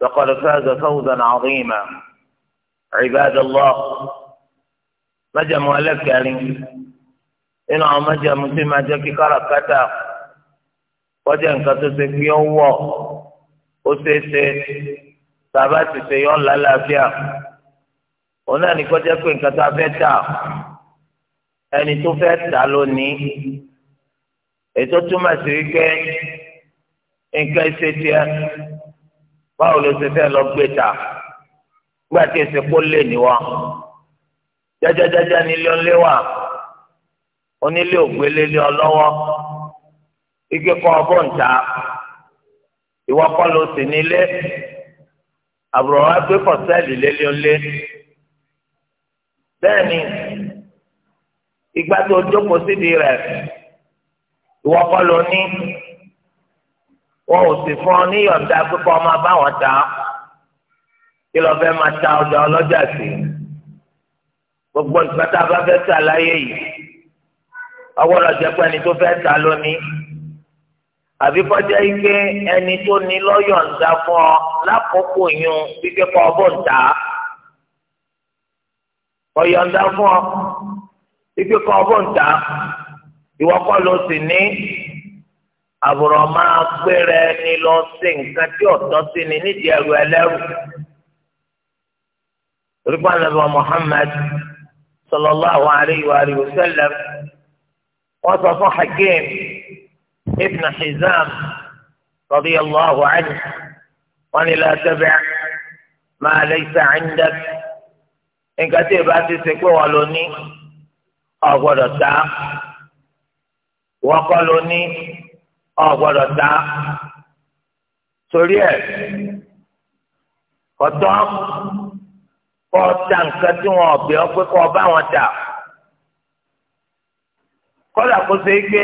فقد فاز فوزا عظيما عباد الله مجم ولك يعني إنه مجم مثل جاكي كركتا كتب كتسك يوو وسيسي ساباتي سيون للافيا هنا نكو جاكوين كتابتا ẹni tó fẹ́ ta lónìí ètò túmọ̀ sí wípé nǹkan báwo ló ṣe fẹ́ lọ gbé ta gbà tí èsì kó lè níwọ jájájájá nílé ọlé wà onílé ògbélé lé ọ lọ́wọ́ ike kọ́ ọ bọ̀ ń ta ìwọ kọ́ ló sì nílé àbúrò wa gbé kọ̀sẹ́ẹ̀lì lélẹ́ ọlé bẹ́ẹ̀ ni ìgbà tó jókòó sídìí rẹ̀ ìwọ kọ́ ló ní wọn ò sì fún ọ ní yọ̀ǹda pípa ọmọ báwọn ta kí lọ́ọ́ fẹ́ máa ta ọjà ọlọ́jà sí gbogbo ìgbà tá a bá fẹ́ ta láyé yìí ọwọ́rọ̀ jẹ́ pé ẹni tó fẹ́ ta lónìí àbí kọjá ike ẹni tó ní lọ́yọ̀ǹda fún ọ lákòókò yun wípé kọ́ ọ bò ń tà ọ̀yọ̀ǹda fún ọ wípé kọ́ ọ bò ń tà ìwọ́kọ́ ló sì ní àbùrọ̀ máa gbéra ẹni lọ sí nǹkan tí ọ̀tọ́ sí ni nídìí ẹrù ẹlẹ́rù. Rúbà nàbà Mùhàmmad sallallahu alayhi wa alihi wa sallam wọ́n sọ fún Hakim ibn Hizam radiyallahu anhu wọ́n ní la tabi' ma laysa 'indak nǹkan tí ìbá ti ṣe pé wọ́n lò ní ọ̀gbọ́dọ̀ tá wọ́n kọ́ lò ní ọ gbọ́dọ̀ ta torí ẹ kọtọ kọ ta nǹkan tí wọn ọbẹ ọpẹ kọ bá wọn ta kódà kó ṣe é gbé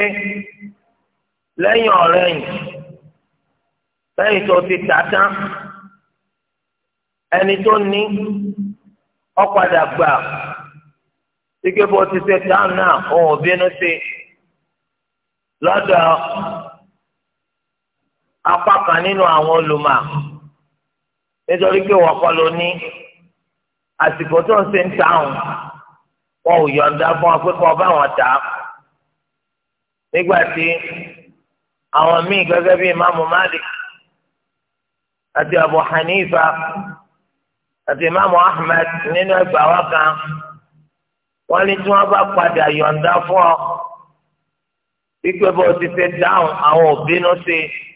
lẹ́yìn ọ̀rẹ́yìn lẹ́yìn tó ti tà tán ẹni tó ní ọ̀padà gbà sígbé bó ti ṣe tán náà òun ò bínú sí lọ́dọ̀ apá kan nínú àwọn olùmọ̀ nítorí pé wọ́n kọ́ ló ní àsìkò tó ń ṣe ń ta òun wọn ò yọ̀ǹda fún wọn pé kọ́ bá wọn tà á nígbà tí àwọn míì gẹ́gẹ́ bíi imaamu Malik àti Abu Hanifa àti imaamu Ahmed nínú ẹgbà wa kan wọ́n ní tí wọ́n bá padà yọ̀ǹda fún ọ wípé bó ti ṣe dáhùn àwọn òbínú sí i.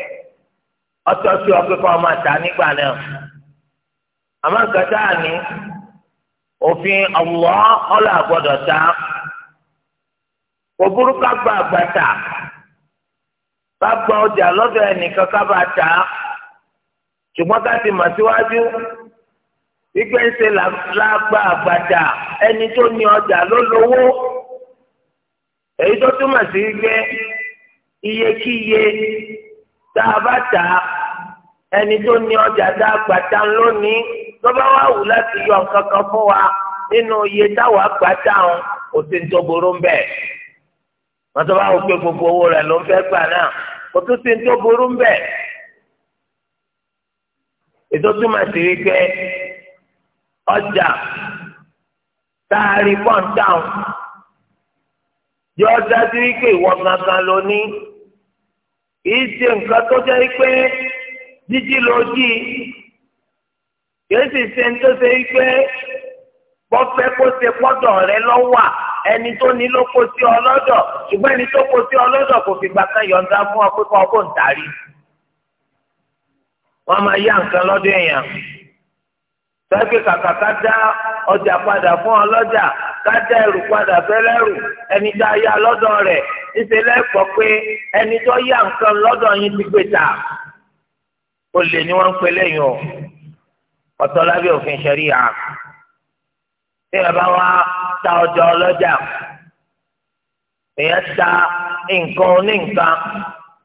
ọtọ́ sí ọ pé ọmọ àtà nígbà náà àmọ́ nǹkan tá ní òfin ọ̀wọ́ ọlọ àgbọ̀dọ̀ ta àgbàtà bá gba ọjà lọdọ ẹnìkan kábà ta ṣùgbọ́n ká ti síwájú wípé ṣe lágbà àgbàtà ẹni tó ní ọjà ló lówó èyí tó tá a bá tà á ẹni tó ní ọjà tá a gbà tán lónìí tó bá wà wù láti yọ nǹkan kan fún wa nínú iye táwa gbà tán kò sí ní tó wọ́n tó bá wù pé gbogbo owó rẹ̀ ló ń fẹ́ gbà náà kò tún sí ní tó burú ń bẹ̀. ètò túmọ̀ sí ọjà táàrí pọ́ńtà yọ ọjà sí wípé ìwọ gangan ló kìí ṣe nǹkan tó jẹ́ pé jíjí jí kìí sì ṣe ń tó ṣe pé bọ́fẹ́ kó ṣe pọ́dọ̀ rẹ lọ́wọ́ ẹni tó ní ló kó sí ọlọ́dọ̀ ṣùgbọ́n ẹni tó kó sí ọlọ́dọ̀ kò fìgbà kan yọ̀ǹda fún ọ pé kó ń darí. wọ́n máa yá nǹkan èèyàn sọ́kè kàkà ká dá ọjà padà fún ọlọ́jà ká dá ẹrù padà fẹ́lẹ́rù ẹni a yá níṣẹ́ lẹ́kọ̀ọ́ pé ẹni tó yá nǹkan lọ́dọ̀ yín ti gbé ta olè ni wọ́n ń pè lẹ́yìn o ọ̀tọ̀ lábẹ́ òfin ṣẹ̀ríà tí wọ́n bá wá ta ọjà ọlọ́jà èèyàn ta nǹkan oníǹkan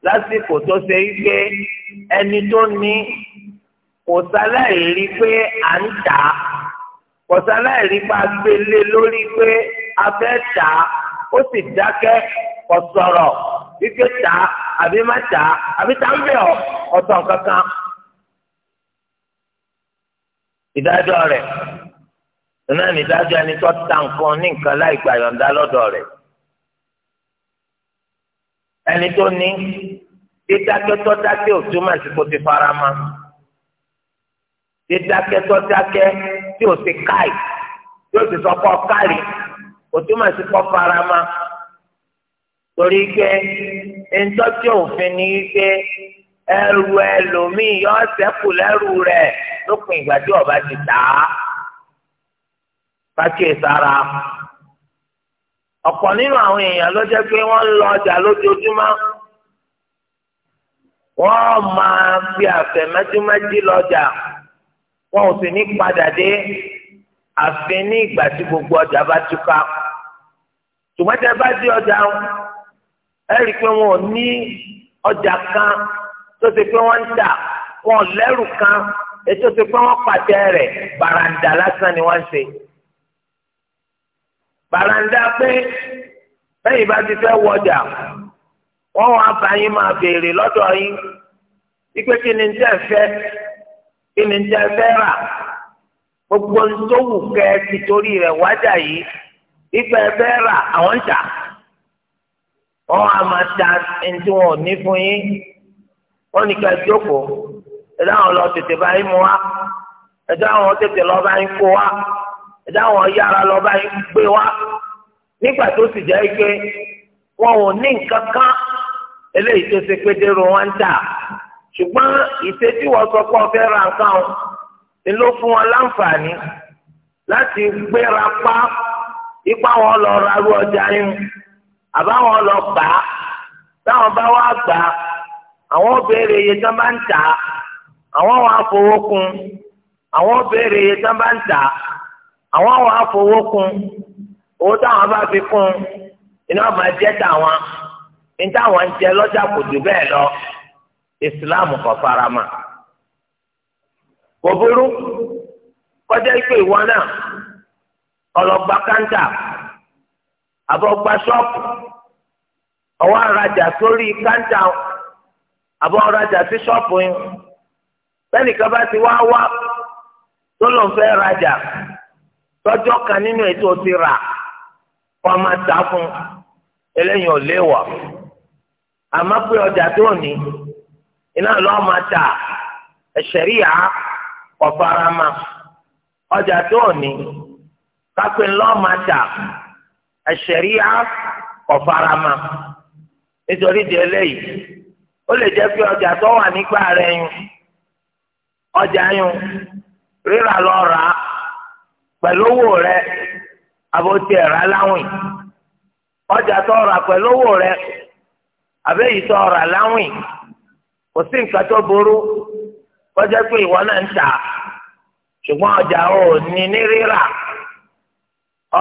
lásìkò tó ṣe é pé ẹni tó ní kò sáláì rí pé à ń tà á kò sáláì rí pé gbélé lórí pé a fẹ́ tà á ó sì dákẹ́ kò sọ̀rọ̀ ike ta àbí má ta àbí ta ń bẹ̀ ọ́ ọ̀tọ̀ kankan. náà ní ẹni tó ta nǹkan ní nǹkan láì gbà yọ̀ǹda lọ́dọ̀ ẹni tó ní dídákẹ́tọ́ dákẹ́ ò túmọ̀ sí kó ti fara mọ́ dídákẹ́tọ́ dákẹ́ tí ò ti káì tí ò ti sọ kárì ò túmọ̀ torí pé ntọ́jú òfin ni pé ẹrù ẹlòmíì yọ sẹ́kù lẹ́rù rẹ̀ lópin ìgbà tí ọba ti tà á kákìí sára ọ̀pọ̀ nínú àwọn èèyàn ló jẹ́ pé wọ́n ń lọ ọjà lójoojúmọ́ wọ́n máa fi àfẹ́ mẹ́tímẹ́tí lọ́jà wọn ò sì ní padà dé àfin ní ìgbà tí gbogbo ọjà bá túká ṣùgbọ́n bá dé ọjà wọn ẹ̀rí pé wọn ò ní ọjà kan tó ṣe pé wọ́n ń tà wọn ò lẹ́rù kan ètò ṣe pé wọ́n pàṣẹ rẹ̀ bàràǹdà lásán ni wọ́n ń ṣe. bàràǹdà pé lẹ́yìn bá ti fẹ́ wọjà wọ́n wá bá yín máa béèrè lọ́dọ̀ yín wípé kí ni tẹ́ fẹ́ kí ni tẹ́ fẹ́ rà gbogbo ń wù kẹ́ ẹ ti wájà yìí ìfẹ́ fẹ́ rà àwọn ń tà wọn a máa ta ẹni tí wọn ò ní fún yín wọn ní ká jókòó ẹ̀dá àwọn lọ tètè bá yín mú wa ẹ̀dá àwọn tètè lọ bá yín kó wa ẹ̀dá àwọn yára lọ bá yín gbé wa nígbà tó sì jẹ́ ike wọn ò ní nǹkan kan eléyìí tó ṣe pé dèrò wọn ń tà ṣùgbọ́n ìṣètí wọ́n sọ pé ọ̀fẹ́ ra nǹkan o ni ló fún wọn láǹfààní láti gbéra pa ipá wọn lọ ra ru ọjà yín àbáwọn lọ gbà á táwọn bá wá gbà á àwọn béèrè iye tán bá ń tà á àwọn wà á fowó kún àwọn béèrè iye tán bá àwọn wà á owó táwọn bá fi kún iná máa jẹ́ tàwọn ní táwọn ń jẹ lọ́jà kò jù lọ ìsìláàmù kò farama kò burú kọjá ìpè ìwọ náà ọlọgbà àbọ̀ gba ṣọ́ọ̀pù ọwọ́ arajà sórí káńtà àbọ̀ arajà sí ṣọ́ọ̀pù yín bẹ́ẹ̀nìkan bá ti wá wá tó lóun fẹ́ rajà tọ́jọ́ kan nínú ètò ti rà kọ́ máa ta fún eléyìí ò léwọ̀ àmọ́ pé ọjà tó ní iná lọ́ọ́ máa ta ẹ̀ṣẹ̀rí yá kọ́ fara ma ọjà tó ní kápẹ́ ńlọ́ọ́ ta. àṣẹríà kọfarama nítorí di eléyìí ó lè jẹ́ pé ọjà tó wà nígbà rẹ̀ yun ọjà yun rírà lọ rà á pẹ̀lú owó rẹ̀ àbótí ẹ̀rá láwìn ọjà tó rà pẹ̀lú owó rẹ̀ àbẹ́yìí tó rà láwìn kò sí nǹkan tó burú kọjá pé ìwọ náà ń tà ṣùgbọ́n ọjà ò ní ní rírà.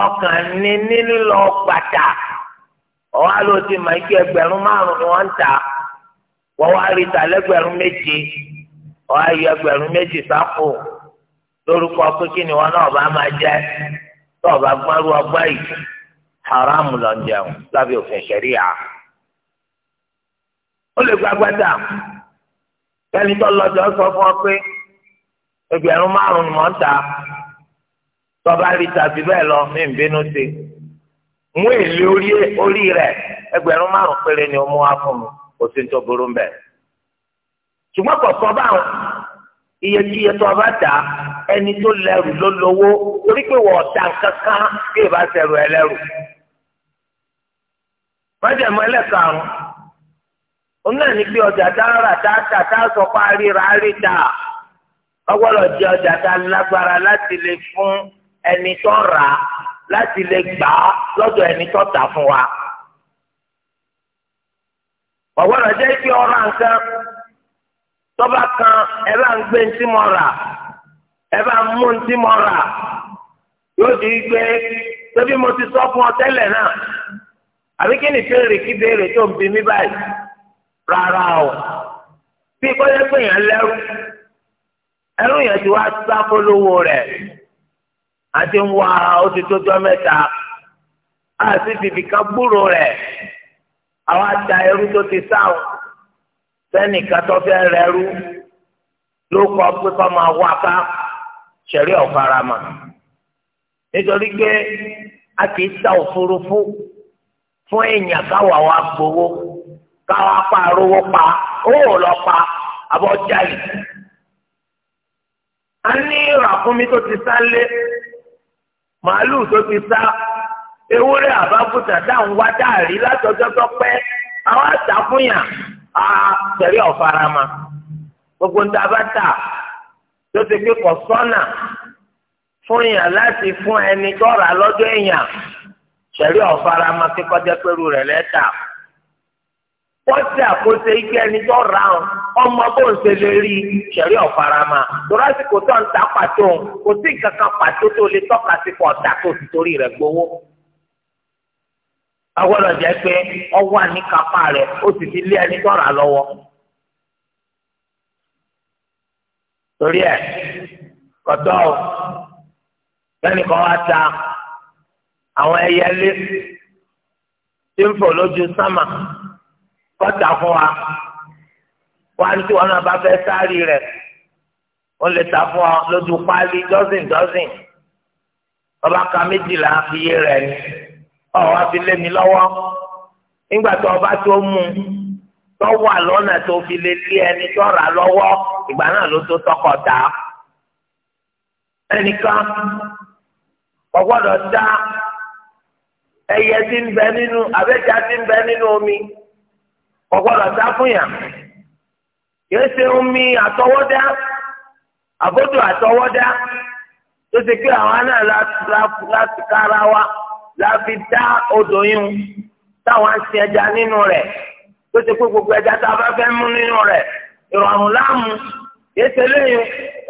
ọkàn ní nílò gbàtà ọwọ́ ló ti mọ̀ ike ẹgbẹ̀rún márùn-ún ni wọ́n ń tà wọ́n wá lẹ́gbẹ̀rún méje ọwọ́ ẹgbẹ̀rún méjì sáfò lórúkọ pé kí ni náà bá máa tó ọba gbọ́nrú ọgbà yìí haram lọ ń jẹun lábẹ́ òfin ó lè gba kẹ́ni tó lọ́jọ́ ọ pé tọba rí tàbí bẹ́ẹ̀ lọ mí ń bínú sí i mú èlé orí orí rẹ̀ ẹgbẹ̀rún márùn péré ni ó mú wá fún mi kò sí ní tó burú mbẹ. ṣùgbọ́n kọ̀ọ̀kan báwọn iyekíye tó ọba dà ẹni tó lẹ́rù ló lówó torí pé wọ́n ọ̀tá kankan bí ìbá sẹ̀rù ẹ lẹ́rù. májèmọ́ ẹlẹ́karùn-ún òun náà ní pé ọjà tá a rà tá a tà tá a sọ pa ríra rí tà ọgbọ́dọ̀ jẹ ọjà tá a lágbára láti lè fún ẹni tó ń rà á láti lè gbà á lọ́dọ̀ ẹni tó tà fún wa. ọ̀gbọ́dọ̀ jẹ́ kí ọ̀rọ̀ nǹkan tọ́ba kan ẹ bá ń gbé ntí mọ́ rà ẹ bá ń mú ntí mọ́ rà yóò di gbé tóbi mo ti sọ fún ọ tẹ́lẹ̀ náà àbí kí ni ìbéèrè kí béèrè tó ń bi mí báyìí rárá o bí kọ́lé pé yẹn lẹ́rú ẹrú yẹn ti wá sá polówó rẹ̀. àti ń wá ó ti tó mẹ́ta a sì fìfì kan gbúrò rẹ̀ àwọn àjà ẹrú tó ti sáwọ́ sẹ́nìkan tó fẹ́ rẹ̀ rú ló kọ́ pé kọ́ máa wá ká ṣẹ̀rí ọ̀farama nítorí pé a kì í ta òfurufú fún èèyàn káwa wa gbowó káwa pa arówó pa owó lọ pa abọ́jáì. a ní ràkúnmí tó ti sálé màálù tó ti sá ewúrẹ́ àbábùtà dáhùn wá dáàrí látọjọ́ tó pẹ́ àwọn àtàkùnyà á tẹ̀lé ọ̀farama gbogbo ń taba tà tó ti pé kọ̀ sọ́nà fún yàn láti fún ẹni tọ́ra lọ́jọ́ èèyàn tẹ̀lé ọ̀farama kíkọ́jẹ́ pẹ̀lú rẹ̀ lẹ́tà. wọ́n ti àkóso ike ẹni tó ra ọ ọmọ bó ń ṣe lè rí ṣẹ̀rí ọ̀farama torásìkò tó ń ta pàtó kò sí nǹkan kan pàtó tó lè tọ́ka sí kọ́ ọ̀tà tó torí rẹ̀ gbowó. agbọ́dọ̀ jẹ́ pé ọwọ́ àníkàpá rẹ̀ ó sì fi lé ẹni tó rà lọ́wọ́. kọta fún wa wá ní tí wọn náà bá fẹ́ sáré rẹ̀ wọ́n lè ta fún ọ lójú páálí dọ́sìn dọ́sìn ọba ka méjìlá iye rẹ̀ ni ọ̀wá fi lé mi lọ́wọ́ nígbà tó ọba tó mú tó wà lọ́nà tó fi lè lé ẹni tó rà lọ́wọ́ ìgbà náà ló tó tọkọ̀ tà á ẹnìkan kò gbọ́dọ̀ dá ẹyẹ tí ń bẹ nínú abẹ́jà tí ń bẹ nínú omi ọ̀gbọ́dọ̀ sá fún yàn kìí ṣe omi àtọwọ́dá àbódò àtọwọ́dá tó ti pé àwọn náà láti kára wa láti dá odò yún táwọn ń sin ẹja nínú rẹ̀ tó ti pé gbogbo ẹja tá a bá fẹ́ mú nínú rẹ̀ ìrọ̀rùn láàmú kìí ṣe lẹ́yìn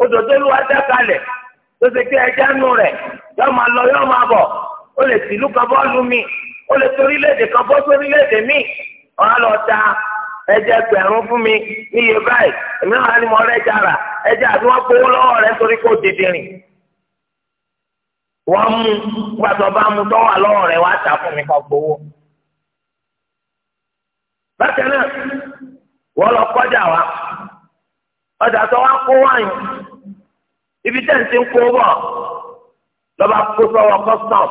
odò tó lù wá dá kalẹ̀ tó ti pé ẹja nù rẹ̀ yóò máa lọ yóò máa bọ̀ ó lè tìlú kan bọ́ lu mi ó lè torílẹ̀-èdè kan bọ́ sórílẹ̀-èdè míì. ọ̀hán lọ ta ẹjẹ ẹgbẹ̀rún fún mi níye báyìí èmi náà ni mo rẹ̀ ẹja rà ẹja àti wọn gbowó lọwọ rẹ torí kò dìde rìn. wọ́n mú gbàtọ̀ bá mu tọ́wà lọ́wọ́ rẹ̀ wàá ta fún mi kọ́ gbowó. bákan náà wọ́n lọ kọjá wa ọjà tó wá kó wáyìn ibi tẹ̀ ń ti kó bọ̀ lọ́ba kó sọ́wọ́ kọ́sítọ̀m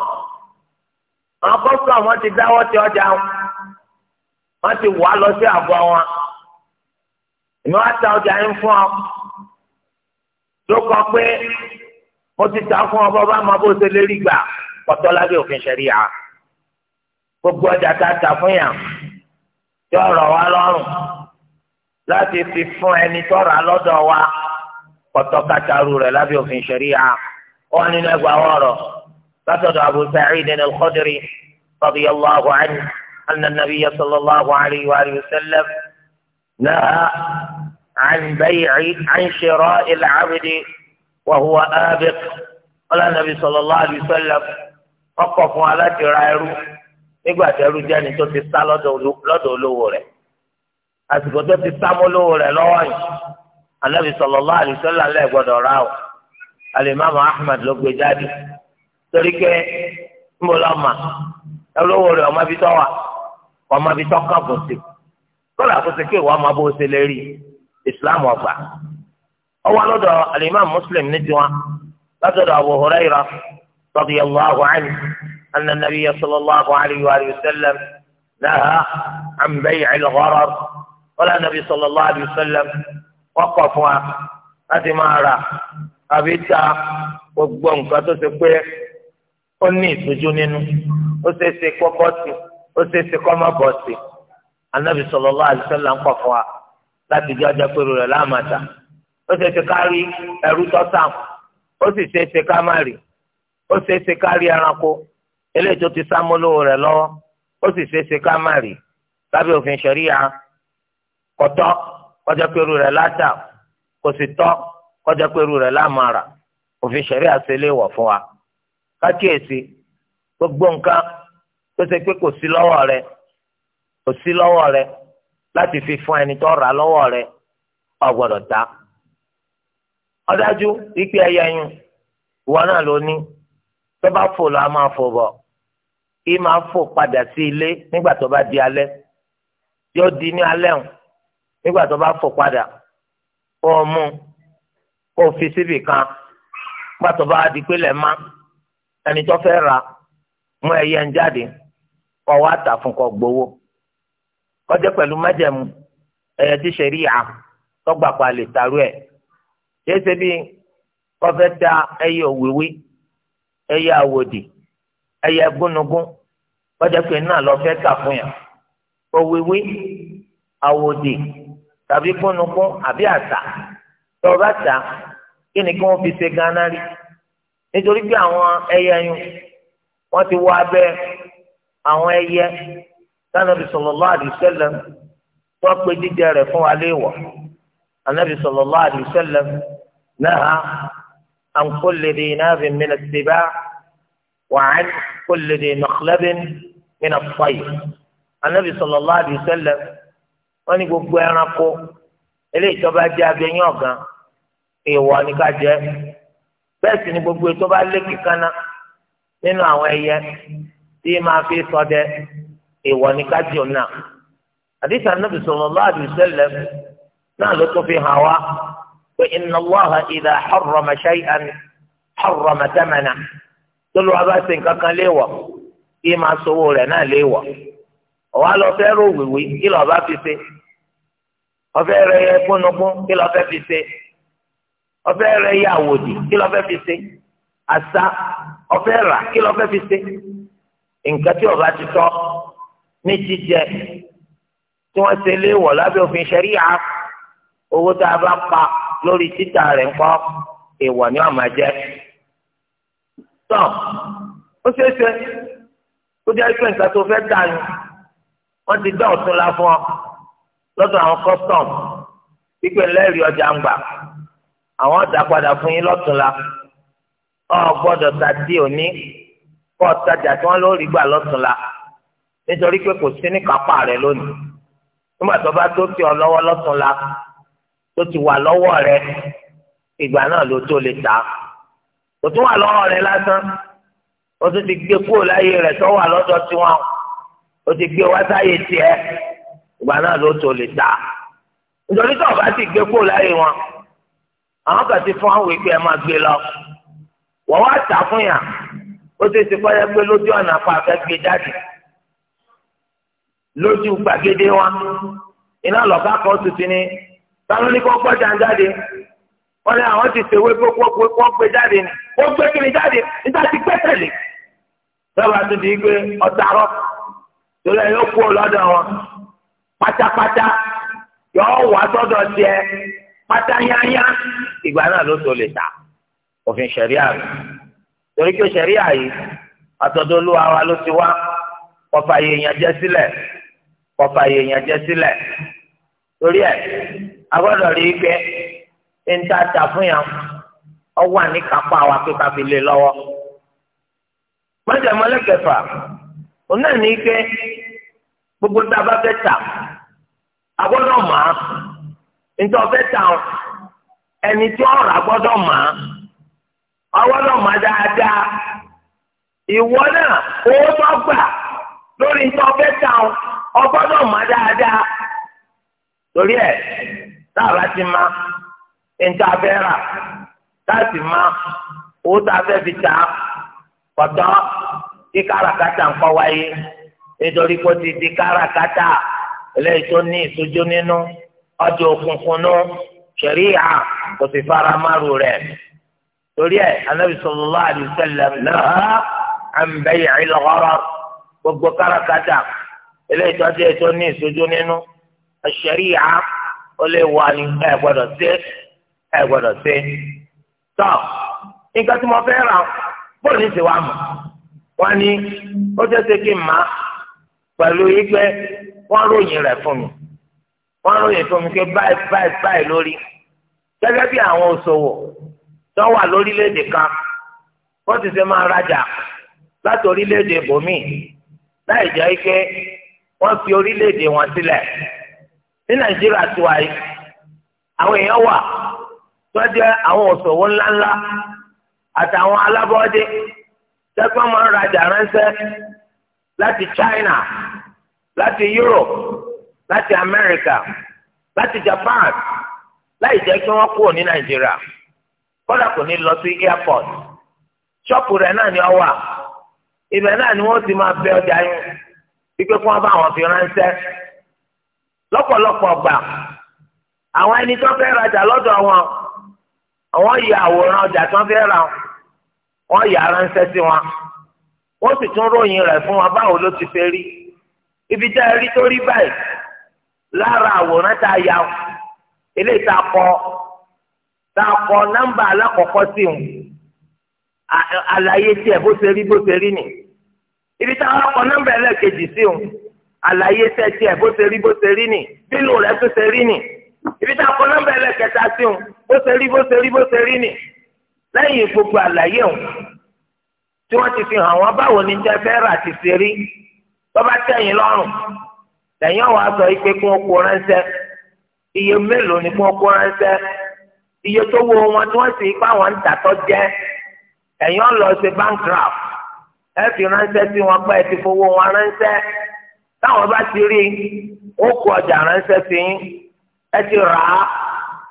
àwọn kọ́sítọ̀m wọ́n ti dáwọ́ ti ọjà wọn. wọ́n ti wà lọ sí àbọ̀ wọn èmi wá ta ọjà yín fún ọ tó kọ pé mo ti ta fún ọ bọ́ba máa bó ṣe lérí gbà pọ̀tọ́ lábẹ́ òfin ṣẹ̀ríyà gbogbo ọjà tá a ta fún yàn tí ọ̀rọ̀ wa lọ́rùn láti fi fún ẹni tọ́ra lọ́dọ̀ wa pọ̀tọ́ kàtàrú rẹ̀ lábẹ́ òfin ṣẹ̀ríyà wọn nínú ẹgbàá ọ̀rọ̀ látọ̀dọ̀ Abu Sa'id al-Khudri radiyallahu أن النبي صلى الله عليه وآله وسلم نهى عن بيع عن شراء العبد وهو آبق قال النبي صلى الله عليه وسلم وقفوا على ترائره nígbà tí ẹrú jẹ́ni tó ti sá lọ́dọ̀ olówó rẹ̀ àsìkò tó ti sá mọ́lówó rẹ̀ lọ́wọ́ yìí anabi sallallahu alaihi wasallam lẹ́gbọ́dọ̀ rà o alimami ahmed ló gbé jáde torí pé ń bọ̀ lọ́ọ́ mà olówó rẹ̀ ọmọ ibi tó wà ọmọ ibi tọ́ka bọ̀ sí kọ́lá kó ṣe kí ìwà ọmọ bó ṣe lè rí islam ọgbà ọwọ́ lọ́dọ̀ alimami muslim ní tiwọn látọ̀dọ̀ abu hurayra radiyallahu anhu anna nabiyya sallallahu alayhi wa sallam naha an bay'il gharar wala nabi sallallahu alayhi wa sallam wọ́kọ̀ fún wa láti máa ra àbí ta gbogbo nǹkan tó ṣe pé ó ní ìtújú nínú ó ṣeé ṣe kọ́kọ́ sí i ó ṣe é ṣe kọ́ má bọ̀ sí anabi sallallahu alaihi wasallam ń pọ̀ fún wa láti jẹ́ ọjọ́ pẹ̀lú rẹ̀ láàmàtà ó ṣe é ṣe ká rí ẹrú tọ́sàn ó sì ṣe é ṣe ká má rí ó ṣe é ṣe ká rí ẹranko eléyìí tó ti sámúlò rẹ̀ lọ́wọ́ ó sì ṣe é ṣe ká má rí lábẹ́ òfin ṣẹ̀ríya kọ̀tọ́ kọjá pẹ̀lú rẹ̀ látà kò sì tọ́ kọjá pẹ̀lú rẹ̀ láàmàrà òfin ṣẹ̀ríya ṣe léèwọ̀ fún wa ká kíyèsí gbogbo nǹkan tó ṣe pé kò sí lọ́wọ́ rẹ kò sí lọ́wọ́ rẹ láti fi fún ẹni tó rà lọ́wọ́ rẹ ọ̀gbọ́dọ̀ ta ọ̀dájú wípé ẹyẹ yín ìwọ náà ló ní tó bá fò lọ a máa fò bọ̀ kí máa fò padà sí ilé nígbà tó bá di alẹ yóò di ní alẹ́ hàn nígbà tó bá fò padà kó o mú kó fi síbì kan nígbà tó bá di pé lẹ́ẹ̀ má ẹni tó fẹ́ ra mú ẹyẹ ń jáde. kọ́ wá tà fún kọ́ gbowó kọjá pẹ̀lú májẹ̀mú ẹ̀yẹ tí ṣẹ̀ríà tọ́gbà pa lè tarú ẹ̀ yé ṣe bí kọfẹ́ da ẹyẹ òwìwí ẹyẹ àwòdì ẹyẹ gúnugún kọjá pé náà lọ fẹ́ tà fún yàn òwìwí àwòdì tàbí gúnugún àbí àṣà tọ́ba tà kí ni kí wọ́n fi ṣe gánà rí nítorí pé àwọn ẹyẹ yun wọ́n ti wọ abẹ́ àwọn ẹyẹ tánàbì sallallahu alaihi wasallam tó pé jíjẹ rẹ̀ fún wa léèwọ̀ ànábì sallallahu alaihi wasallam naha an kulli dhi nabin min as-sibaa wa an kulli dhi makhlabin min at-tayr ànábì sallallahu alaihi wasallam wọ́n ní gbogbo ẹranko eléyìí tó bá jẹ́ abẹ́yẹn ọ̀gán ni ká jẹ bẹ́ẹ̀ ni gbogbo ètò bá lé kíkaná nínú àwọn ẹyẹ tí máa fi ṣọdẹ ìwọ ní kájí ọ̀nà àdìsá nàbì sallallahu alaihi wasallam náà ló tó fi hàn wá pé inna Allaha idha harrama shay'an harrama thamana tó lọ́wọ́ bá ṣe nǹkan kan léèwọ̀ kí máa sọ owó rẹ̀ náà léèwọ̀ ọ̀wá lọ fẹ́ rò wìwì kí lọ́ọ́ bá fi ṣe ọ̀fẹ́ rẹ̀ yẹ fúnnukún kí lọ́ọ́ fẹ́ fi ṣe ọ̀fẹ́ rẹ̀ yẹ àwòdì kí lọ́ọ́ fẹ́ fi ṣe àṣà ọ̀fẹ́ rà kí lọ́ọ́ fẹ́ fi ṣe nǹkan tí ọba ti tọ́ ní jíjẹ tí wọ́n ṣe léèwọ̀ lábẹ́ òfin ṣẹ̀ríà owó tá a bá pa lórí títà rẹ̀ ńkọ́ èèwọ̀ ni wọ́n máa jẹ́. tọ́ ó ṣeé ṣe ó jẹ́ pé nǹkan tó fẹ́ dà ní wọ́n ti dá ọ̀tún la fún ọ lọ́dọ̀ àwọn custom pípẹ́ lẹ́rìí ọjà ń gbà àwọn ọ̀dà padà fún yín lọ́tún la ọ̀ gbọ́dọ̀ tà sí òní kọ́ ọ̀tajà tí wọ́n lórí gbà lọ́túnla nítorí pé kò sí ní kápá rẹ lónìí nígbà tó bá tó ti ọ lọ́wọ́ lọ́túnla tó ti wà lọ́wọ́ rẹ ìgbà náà ló tó lè tà kò tún wà lọ́wọ́ rẹ lásán ó tún ti gbé kúrò láyé rẹ tó wà lọ́dọ̀ tiwọn ó ti gbé wá sáyé tiẹ̀ ìgbà náà ló tó lè tà nítorí tó o bá ti gbé kúrò láyé wọn àwọn kan ti fún àwọn ìpè ẹ máa gbé lọ wọ́n wá tà fún yàn. ó ti ti kọ́yẹ pé lójú ọ̀nà kó afẹ́gbé jáde lójú gbàgede wa iná lọ́ba kan tuntun ni táwọn ní kó kọjá jáde wọ́n ní àwọn ti ṣèwé kó gbé jáde ni ó gbé kiri jáde níta ti gbẹ́tẹ̀lé lọ́ba tó di pé ọ̀tàrọ̀ torí yóò kú lọ́dọ̀ wọn pátápátá yọ wà sọ́dọ̀ ìgbà náà ló tó torí pé sẹ̀ríà yìí àtọ̀dọ̀ olúwa wa ló ti wá kọfà yèèyàn jẹ́ sílẹ̀ kọfà yèèyàn sílẹ̀ torí agbọ́dọ̀ rí ta fún yàn ọ wà ní kápá wa pé ká fi lè lọ́wọ́ òun náà ní gbogbo tá a bá fẹ́ tà agbọ́dọ̀ àwọn náà má dáadáa ìwọ náà owó tó gbà lórí nǹkan ọbẹ̀ ta ọ ọgbọ́n náà má dáadáa torí ẹ̀ táàbà ti má nǹkan abẹ́ rà láti má owó tó abẹ́ fi ta pọ̀tọ́ kí káràkátà ń kọ́ wáyé nítorí pé ó ti di káràkátà eléyìí tó ní ìsojú nínú ọjọ́ òkùnkùn nù ṣẹ̀ríyà kò sì fara márùn rẹ̀ torí ẹ anabi sallallahu alaihi wasallam náà an bay'il gharar gbogbo kárakáta eléyìí tó dé tó ní ìṣojú nínú ṣẹríya ó lè wà ní ẹ gbọ́dọ̀ sí ẹ gbọ́dọ̀ sí. tọ́ nǹkan tí mo fẹ́ ra bóòlù ní tiwa mọ̀ wọ́n ní ó tẹ́tẹ́ kí n má pẹ̀lú igbe wọ́n ròyìn rẹ̀ fún mi wọ́n ròyìn fún mi pé báyìí báyìí báyìí lórí gẹ́gẹ́ bí àwọn òṣòwò tó wà lórílẹ̀‐èdè kan wọ́n ti ṣe máa rajà láti orílẹ̀‐èdè bòmíì láì jẹ́ pé wọ́n fi orílẹ̀‐èdè wọn sílẹ̀ ní nàìjíríà tiwa yìí àwọn èèyàn wà tó jẹ́ àwọn òṣòwò ńláńlá àtàwọn alábọ́dé tẹ́gbọ́n máa ń rajà ránṣẹ́ láti China láti Europe láti America láti Japan láì jẹ́ kí wọ́n kúrò ní nàìjíríà. kọ́dà kò ní lọ sí airport ṣọ́ọ̀pù rẹ̀ náà ni ọ wà ibẹ̀ náà ni wọ́n ti máa bẹ ọjà yín wípé kí wọ́n bá wọn fi ránṣẹ́ lọ́pọ̀lọpọ̀ gbà àwọn ẹni tó fẹ́ rajà lọ́dọ̀ wọn àwọn yà àwòrán ọjà tó fẹ́ ra wọn yà ránṣẹ́ sí wọn wọ́n sì tún ròyìn rẹ̀ fún wọn báwo ló ti fẹ́ rí ibi tá a rí tó rí báyìí lára àwòrán tá a yà eléyìí tá a kọ́ tá a kọ nọ́mbà alákọ̀ọ́kọ́ sí òun àlàyé tiẹ̀ bó ṣe rí bó ṣe rí nì ibi tá a kọ nọ́mbà ẹlẹ́kejì sí òun àlàyé tẹ̀ tiẹ̀ bó ṣe rí bó ṣe rí nì bílù rẹ̀ tó ṣe rí nì ibi tá a kọ nọ́mbà ẹlẹ́kẹta sí òun bó ṣe rí bó ṣe rí bó ṣe rí nì lẹ́yìn gbogbo àlàyé òun tí wọ́n ti fi hàn wọ́n báwo ni jẹ́ fẹ́ rà ti ṣe rí bọ́bá tẹ̀yìn lọ́rùn lẹ́yìn ọ̀wá sọ ipe kí wọ́n kó ránṣẹ́ iye mélòó ni kí wọ́n kó ránṣẹ́ iye tó wo wọn tí wọ́n sì pa àwọn ń tàtọ́ jẹ́ ẹ̀yìn ọ̀lọ́ ṣe bankrupt ẹ fi ránṣẹ́ sí wọn pé ẹ ti fowó wọn ránṣẹ́ táwọn bá ti rí ó kó ọjà ránṣẹ́ sí ẹ ti rà á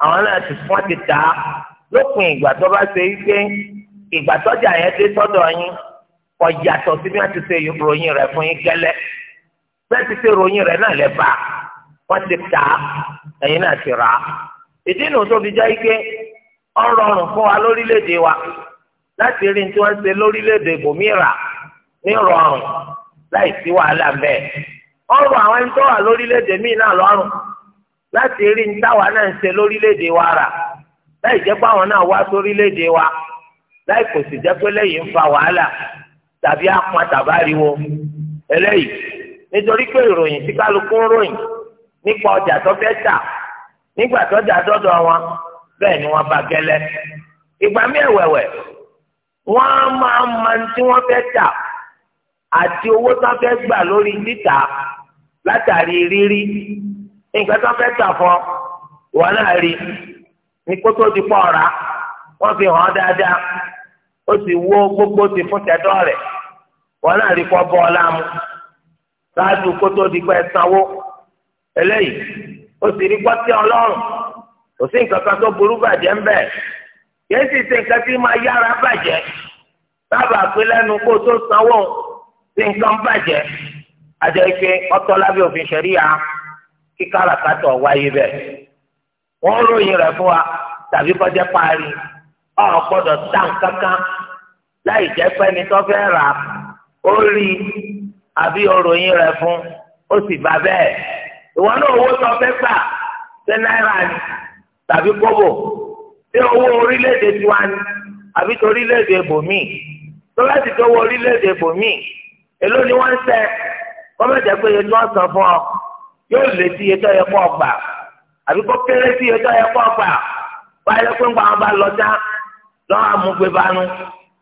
àwọn náà ti fún ti tà á lópin ìgbà tó bá ṣe wípé ìgbà tọ́jà yẹn dé sọ́dọ̀ yín ọjà tó sí bí wọ́n ti ṣe ròyìn rẹ̀ fún yín gẹ́lẹ́ bẹ́ẹ̀ ti ṣe ròyìn rẹ̀ náà lẹ́bàá wọ́n ti tà á ẹ̀yin náà ti rà á. ìdí nù tóbi fi jẹ́ ike ó fún wa lórílẹ̀ wa láti rí tí wọ́n ṣe lórílẹ̀ láì sí wàhálà àwọn ẹni tó wà lórílẹ̀‐èdè míì náà láti rí táwa náà ń ṣe lórílẹ̀ wa rà láì jẹ́ pé àwọn náà wá wa láì kò sì pé ń fa wàhálà tàbí tàbáriwo nítorí pé ìròyìn tí kálukú ń nígbà tọ́jà dọ́dọ̀ wọn bẹ́ẹ̀ ni wọn bá gẹlẹ ìgbà mí ẹ̀wẹ̀wẹ̀ wọ́n máa ma mọ tí wọ́n fẹ́ tà àti owó tó fẹ́ gbà lórí títà látàrí rírí nǹkan tó fẹ́ tà fún wọn náà rí ní kótó ti pọ̀ ra wọ́n fi hàn dáadáa ó sì wó gbogbo ti fún tẹ̀dọ́ rẹ̀ wọn náà rí kọ́ bọ́ ọ láàmú ṣáájú kótó ti pẹ́ sanwó eléyìí. ó sì rí pọ́tí ọlọ́run kò sí nǹkan kan tó burú bàjẹ́ ń bẹ̀ yẹn sì ṣe nǹkan tí máa yára bàjẹ́ sábà pé lẹ́nu kó tó sanwó sí nǹkan bàjẹ́ àjẹ́ ike ọtọ́ lábẹ́ òfin ṣẹ̀ríya kí káràkátà wáyé bẹ̀ wọ́n ròyìn rẹ̀ fún wa tàbí kọjá parí ọ̀ gbọ́dọ̀ tán kankan láì jẹ́ pé ẹni tó fẹ́ rà ó rí àbí oròyìn rẹ̀ fún ó sì bá bẹ́ẹ̀ ìwọ náà owó tó fẹ́ gbà ṣe náírà ni tàbí kọ́bọ̀ ṣé owó orílẹ̀-èdè tiwa ni àbí tó orílẹ̀-èdè ibòmíì tó láti tó owó orílẹ̀-èdè ibòmíì èló ni wọ́n ń sẹ́ kọ́mẹ̀tẹ̀ pé iye tí wọ́n san fún ọ yóò lè sí iye tó yẹ kó ọgbà àbí kó kéré sí iye tó yẹ kó ọgbà báyọ̀ pé ńgbà wọn bá lọ já lọ́wọ́ amúgbébánu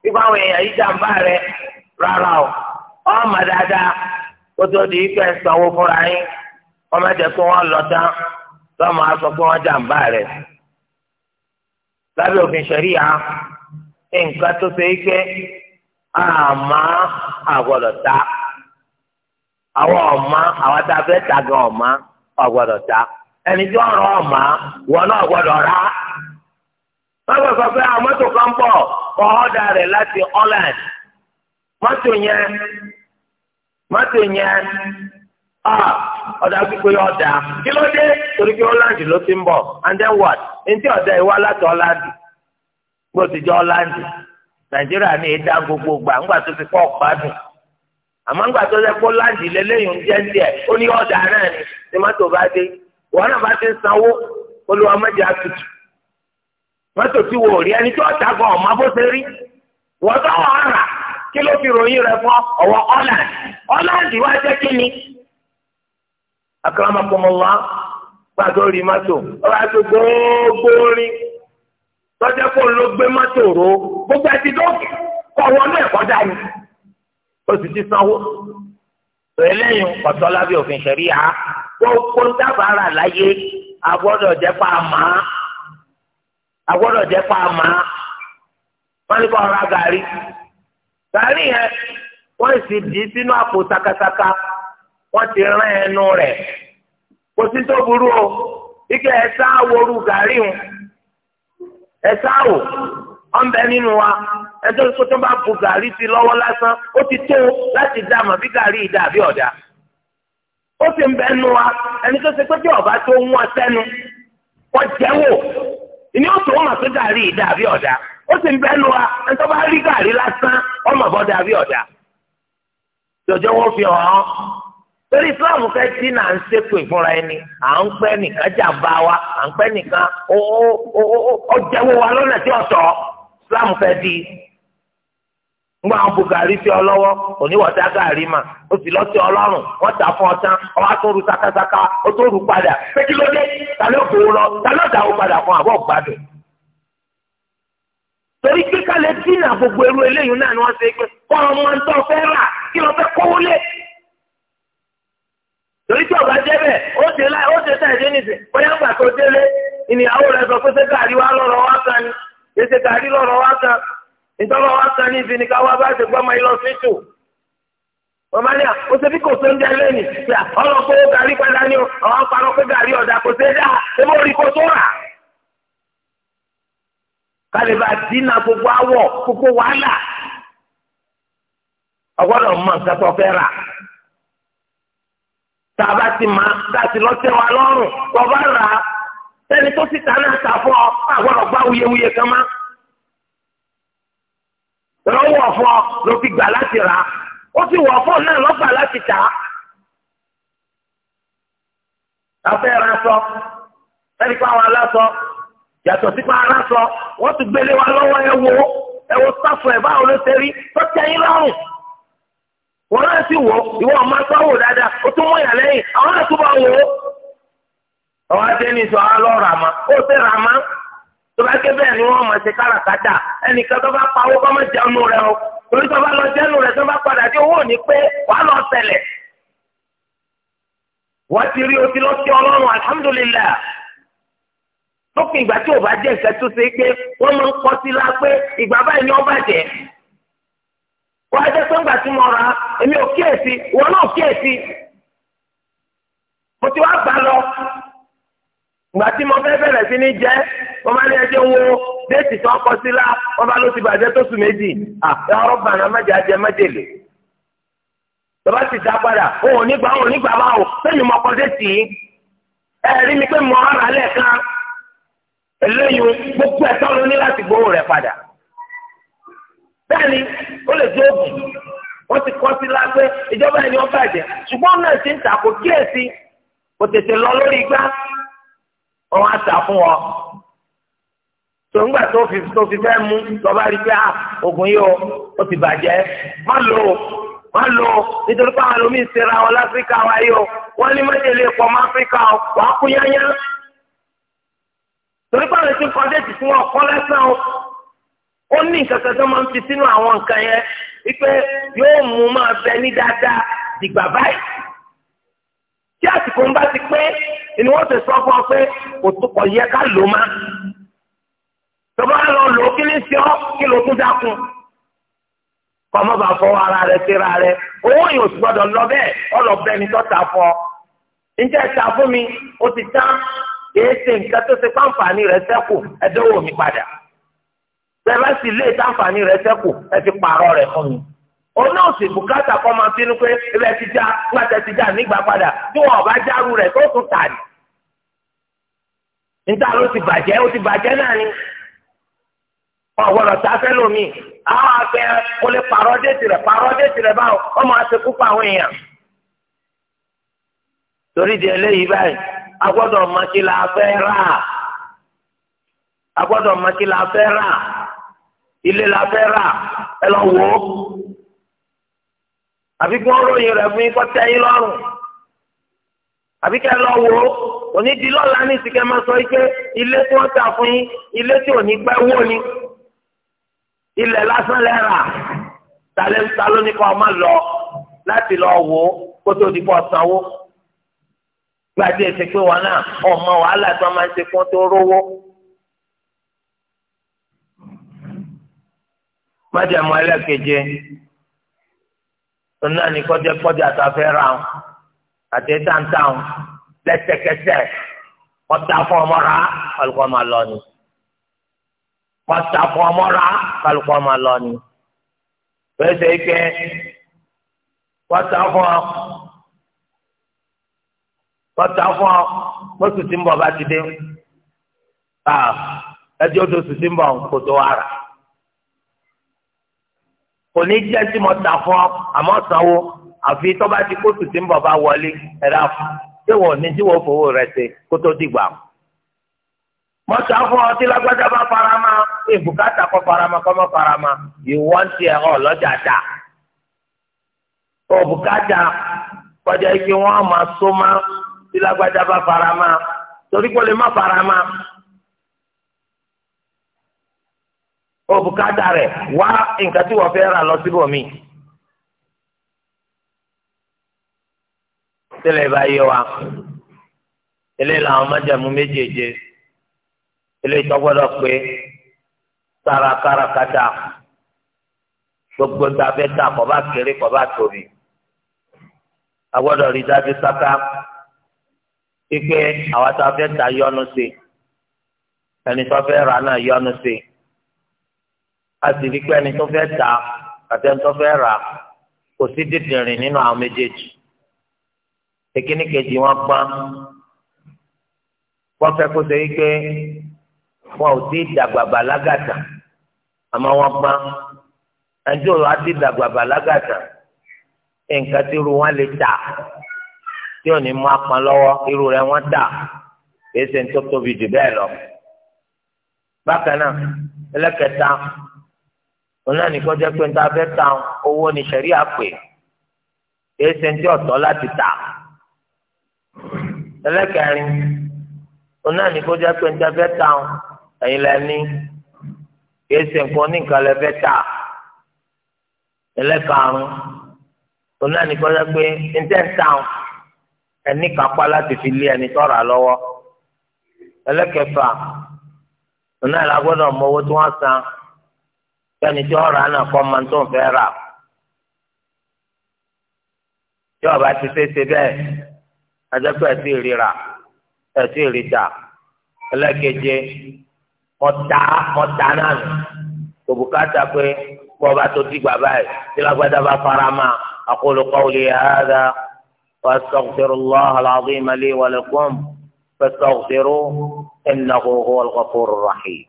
ikú àwọn èèyàn yìí jàǹbá rẹ rárá o ọmọ dáadáa kó tó di ikú ẹ̀ sanwó fúnra yín. ọmọ ẹ̀jẹ̀ pé wọ́n lọ tán lọ́mọ aṣọ pé wọ́n jàǹbá rẹ̀ lábẹ́ òfin nǹkan tó ṣe é ta àwọn àwọn tá a fẹ́ ta gan ọ̀ma ọ̀gbọ̀dọ̀ ta ẹni tí wọn náà rà sọ pé àwọn kan láti Ah, ọ̀dà pípé ọ̀dà kí ló dé torí pé holland ló ti ń bọ̀ and then what ntí ọ̀dà ìwá láti ti jẹ́ nàìjíríà ní ìdá gbogbo gbà ńgbà tó ti pọ̀ gbádùn àmọ́ ńgbà tó yẹ kó holland lélẹ́yìn tiẹ̀ ó ní ọ̀dà náà ni bá dé wọn náà bá ti ń sanwó olúwa mọ́tò wò rí ẹni akramakumullah pàtó rí mọ́tò ọba tó gbogbo rin tọ́jà kó ló gbé mọ́tò ró gbogbo ẹtì dókè kọ́ wọnú ẹ̀kọ́ dání ó sì ti sanwó eléyìí ọ̀tọ̀ lábẹ́ òfin ṣẹ̀ríà gbogbo dábàárà láyé agbọ́dọ̀ jẹ́ pa àmà agbọ́dọ̀ jẹ́ pa àmà wọ́n ní kó ọ̀rá gàrí gàrí yẹn wọ́n sì dì í sínú àpò sakasaka. wọ́n ti rán ẹnu rẹ̀ kò sí tó burú o ike ẹ̀sà àwòrú gàrí o ẹ̀sà àwò nínú wa ẹjọ́ tó tó bu gàrí sí lọwọ lásán ó ti tó láti dá àmọ́ bí gàrí ìdá àbí ọ̀dà ó sì ń wa ẹni tó ṣe pé ọba tó ń wọn ìní ó tó gàrí ìdá àbí ó wa ẹni tó bá rí gàrí lásán àbí torí islam fẹ́ tí náà ń ṣépè fúnra ẹni à ń pẹ́ nìkan jàmbá wa à ń pẹ́ nìkan ó jẹ́wọ́ wa lọ́nà tí ọ̀tọ̀ islam fẹ́ di ngba àwọn fi tí ọ lọ́wọ́ oníwọta gàrí mà ó sì lọ sí ọlọ́run wọn tà fún ọtán sakasaka ó tó rú padà pé kí ló dé ta ló lọ ta ló dà ó padà fún torí dínà gbogbo eru eléyìí náà ni wọ́n ṣe pé kọ́ ọmọ kí fẹ́ torí tí ọba jẹ́ bẹ́ẹ̀ ó ṣe láì ó ṣe sáì dé nìsín bóyá ń gbà tó délé ìníyàwó rẹ̀ sọ pé ṣé gàrí wá kan ni ṣèṣe gàrí lọ́rọ̀ wá kan ìjọba wa kan ní ìfini ká wá bá ṣe gbọ́ ọmọ ilọ̀ fíjù wọ́n máa ní à ó ṣe bí kò tó ń jẹ́ lẹ́nìí ṣe pé ó gàrí o parọ́ gbogbo awọ gbogbo wàhálà ọgbọ́dọ̀ mọ̀ nǹkan tá a bá ti máa tá a ti lọ́tẹ̀ wa lọ́rùn kọ́ bá rà á sẹ́ni tó sì ta náà ta fún ọ àgbọ̀dọ̀ gbá wuyewuye kan má. lọ́wọ́ fọ́ ló fi gbà láti rà á ó sì wọ̀ fọ́ náà lọ́gbà láti tà á. afẹ́ ra sọ sẹ́ni pa àwọn aláṣọ yàtọ̀ sí pa aláṣọ wọ́n ti gbélé wa lọ́wọ́ ẹ wo ẹ wo sáfù ẹ̀ báwo ló ṣe rí tó tẹ́yìn lọ́rùn. wọn náà sì wò ìwọ ọmọ akpáwò dáadáa ó tún mọ ìyàlẹ́ yìí àwọn náà tún bá sọ alọ ràmá ó sì ràmá tó bá ké bẹ́ẹ̀ ni wọ́n mọ̀ sí káràkátà ẹnìkan tó bá kọ́ jẹun rẹ o torí tó bá lọ jẹun rẹ tó bá padà dé owó pé lọ wọ́n la pé ìgbà báyìí ni wọ́n á jẹ́ pé ńgbà tí mo ra èmi ò kíyèsí ìwọ náà kíyèsí mo ti wá gbà lọ ìgbà tí mo fẹ́ bẹ̀rẹ̀ sí ní jẹ́ mo máa ní ẹjẹ́ wo déètì tó kọ sí la wọ́n bá ló ti bàjẹ́ tó sùn méjì àti ọ̀rọ̀ bàrà mẹ́jẹ ajẹ́ mẹ́jẹ̀lẹ̀ bàbá sì dá padà òun ò ní gbà òun ò ní gbà máa ò sẹ́yìn mọ́kọ déètì yìí ẹ̀rí mi pé mo ara lẹ́ẹ̀kan eléyìí gbogbo ẹ̀tọ́ ló ní láti gbowó rẹ̀ padà bẹ́ẹ̀ni ó lè jẹ́ òbí wọ́n ti kọ́ sí lágbẹ́ ìjọba ẹni wọ́n bàjẹ́ ṣùgbọ́n náà ti ń tà kó kíyèsí kò tètè lọ lórí igbá ọ̀hún àtà fún ọ. tòǹgbà tó fi tó fi fẹ́ mú lọ́ba rí pé oògùn yìí ó ti bàjẹ́ má lò ó má lò ó nítorí pé àwọn ẹlòmíín ṣera wọn láfíríkà wa yìí ó wọ́n ní méjèlé pọ̀ mọ́ áfíríkà wàá kú yányá. torí pé àwọn ètò ìkọ́jẹ́ fún ọkọ lẹ́sàn-án ó ní nǹkan kan tó máa ń fi sínú àwọn nǹkan yẹn wípé yóò mú máa bẹ ní dáadáa dìgbà báyìí tí àsìkò ń bá ti pé ni wọ́n ti sọ fún ọ pé òtúkọ yẹ ká lò má lọ lò kí ni sọ kí ló tún dákun kọ́mọ́ bá o ara rẹ̀ síra owó yóò sì lọ bẹ́ẹ̀ ọlọ́bẹ ni tọ́ta fọ ǹjẹ́ ta fún mi ó ti tán ṣe nǹkan tó ṣe pàǹfààní bẹ́ẹ̀ bá sì lé ìtànfààní rẹ̀ sẹ́kù ẹ ti pààrọ̀ rẹ̀ fún mi òun bùkátà kọ́ máa bínú pé ti já nígbà padà tí wọn ọba rẹ̀ tó tún níta ló ti bàjẹ́ ó ti bàjẹ́ ni ọ̀gbọ́dọ̀ tá a fẹ́ lómi pààrọ̀ déètì rẹ̀ pààrọ̀ déètì rẹ̀ èèyàn. torí di eléyìí báyìí a gbọ́dọ̀ mọ̀ kí la fẹ́ rà a gbọ́dọ̀ mọ̀ ilé la fẹ́ rà ẹ lọ wò ó àbí kí wọ́n ròyìn rẹ̀ fún yín kọ́ tẹ́ yín lọ́rùn àbí kẹ́ ẹ lọ wò ó onídìí lọ́la ní ìsìnkẹ́ máa sọ pé ilé tí wọ́n tà fún yín ilé tí ò ní pẹ́ wó ni ilẹ̀ lásán lẹ́ rà ta ló ní kọ́ ọ má lọ láti lọ wò ó kó tó di pọ̀ sanwó gbàdé ṣe pé wọn náà ọmọ wàhálà tí wọ́n máa ń ṣe fún tó rówó. májàmú ẹlẹ́keje náà ní kọjá kọjá tá a fẹ́ ra ọ àti táǹtà ọ lẹ́sẹ̀kẹsẹ̀ ọ̀tá fún ọmọ rà kálukọ́ máa lọ ni ọ̀tá fún ọmọ rà kálukọ́ máa lọ ni bẹ́ẹ̀ sẹ́yìn pé ọ̀tá fún ọ ọ̀tá fún ọ mọ́tò bá ti dé ẹjọ́ tó sì ti tó wà kò ní jẹ́ tí mo ta fún ọ àmọ́ sanwó àfi tó bá ti kóòtù tí ń bọ̀ bá wọlé ẹ̀rá fún ṣé wọ́n ní tí wọ́n fowó rẹ̀ ṣe kó tó dìgbà. mo ta fún ọ tí lágbájá bá farama ìbùkátà kọ farama kọ́ mọ́ farama ìwọ́ ń tiẹ̀ ọ lọ́jà dà. òbùkátà kọjá ike wọ́n máa só má tí lágbájá bá farama torí kò lè má farama. òbùkátà rẹ̀ wá nǹkan tí wọ́n fẹ́ rà lọ síbòmí. tẹ́lẹ̀ bá yẹ wa ilé làwọn májàmú méjèèjì ilé ìtọ́gbọ́dọ̀ pé sára kárakáta gbogbo ta fẹ́ ta kọ́ bá kéré kọ́ bá tóbi agbọ́dọ̀ rí dájú sáká pípé àwọn ta fẹ́ ta yọnu sí ẹni tó fẹ́ rà náà yọnu sí a sì rí pé ẹni tó fẹ́ tà àti ẹni tó fẹ́ rà kò sí dídìrín nínú àwọn méjèèjì èkíní kejì wọn gbọ́n wọ́n fẹ́ kó ṣe wípé wọn ò tí ì dàgbà bàlágàtà àmọ́ wọ́n gbọ́n ẹni tí òun á ti dàgbà bàlágàtà nǹkan tí irú wọn lè tà tí ò ní mú apọn lọ́wọ́ irú rẹ̀ wọ́n tà kìí ṣe ní tó tóbi jù bẹ́ẹ̀ lọ. bákan náà ẹlẹ́kẹta òun náà nìkan jẹ́ pé níta fẹ́ ta owó ni sẹ̀rí àpè èyí ṣe ń tí ọ̀tọ̀ láti tà ẹlẹ́kẹ̀rin òun náà nìkan jẹ́ pé níta fẹ́ ta ẹ̀yin lẹ́ni èyí ṣe nǹkan oníkan lẹ́ fẹ́ tà ẹlẹ́karùn òun náà nìkan jẹ́ pé níta ta ẹni kápá láti fi lé ẹni tọ́ra lọ́wọ́ ẹlẹ́kẹfà òun náà la mọ owó tí wọ́n san kẹ́ni tí ọ̀rọ̀ àná kọ́ máa ń tó ń fẹ́ rà tí ọba ti ṣeéṣe bẹ́ẹ̀ ajẹ́pẹ́ ẹ̀ sì ríra ẹ̀ sì ríta ẹlẹ́keje mọ̀tá mọ̀tá náà nù kò bùkátà pé bọ́ba tó ti gbà báyìí tí lágbàdá bá fara ma aqulu qawli hadha wa astaghfirullaha al-azima li wa lakum fastaghfiruhu innahu huwal ghafurur rahim.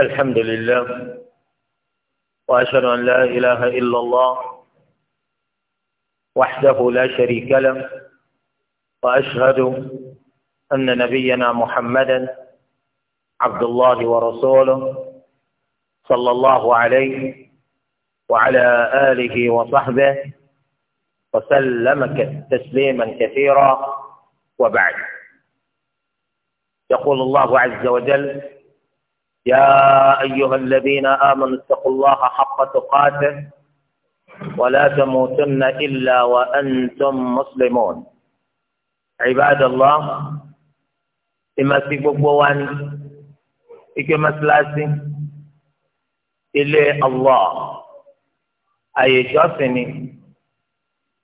الحمد لله وأشهد أن لا إله إلا الله وحده لا شريك له وأشهد أن نبينا محمدا عبد الله ورسوله صلى الله عليه وعلى آله وصحبه وسلم تسليما كثيرا وبعد يقول الله عز وجل يا أيها الذين آمنوا اتقوا الله حق تقاته ولا تموتن إلا وأنتم مسلمون عباد الله إما في بوبوان إكما سلاسي إلي الله أي جاسني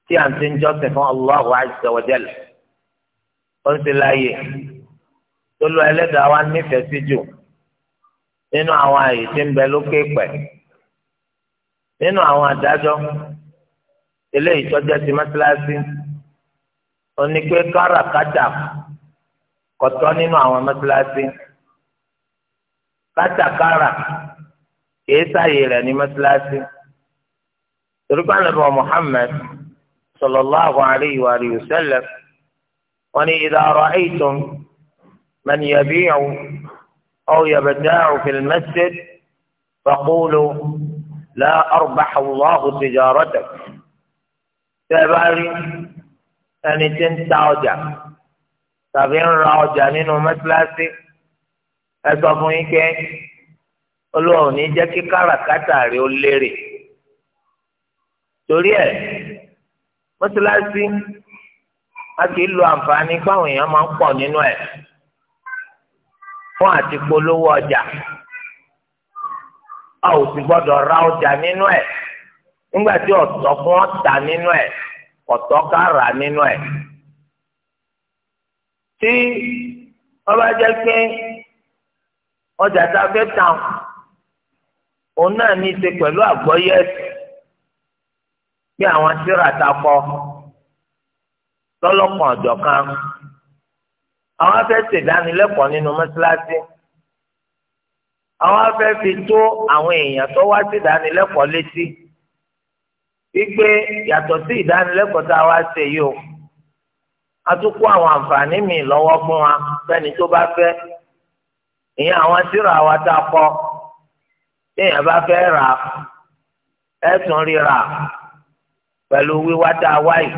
تي أنتن جوسن هو الله عز وجل قلت لا إيه تقول له هل دعوان نفسي جو nínú àwọn àyè tí ń bẹ lókè pẹ̀ nínú àwọn àdájọ́ eléyìí tọ́jà ti mọ́sálásí ó ní pé káràkátà kọ̀tọ́ nínú àwọn mọ́sálásí kátàkárà kìí sáàyè rẹ̀ ní mọ́sálásí torípa nàbọ̀ Muhammad sallallahu alayhi wa sallam wọn ni idha ra'aytum man yabi'u. أو يبدع في المسجد فقولوا لا أربح الله تجارتك تباري أن تنسى أجا تبين رأجا نينو مثلاتي أسفون إيكي Ọlọ́run ní jẹ́ kí káràkátà rẹ̀ ó lérè torí ẹ̀ mọ́tíláṣí a kì fún àti polówó ọjà a ò sì gbọ́dọ̀ ra ọjà nínú ẹ̀ nígbà tí ọ̀tọ̀ fún ọ̀tà nínú ẹ̀ ọ̀tọ̀ ká rà nínú ẹ̀ tí wọ́n bá jẹ́ pé ọjà tá a fẹ́ tà òun náà ní í ṣe pẹ̀lú àgbọ́yé ẹ̀sìn pé àwọn tíra ta kọ lọ́lọ́kan ọ̀jọ̀kan. àwọn afẹ́ ṣèdánilẹ́kọ̀ọ́ nínú mọ́ṣáláṣí àwọn afẹ́ fi tó àwọn èèyàn tó wá ṣèdánilẹ́kọ̀ọ́ létí wípé yàtọ̀ sí ìdánilẹ́kọ̀ọ́ tá a wá ṣe yìí o a tún kó àwọn àǹfààní mi lọ́wọ́ fún wa fẹ́ni tó bá fẹ́ ìyẹn àwọn síra wa tá a kọ téèyàn bá fẹ́ rà ẹ̀sùn ríra pẹ̀lú wíwá tá a wáyé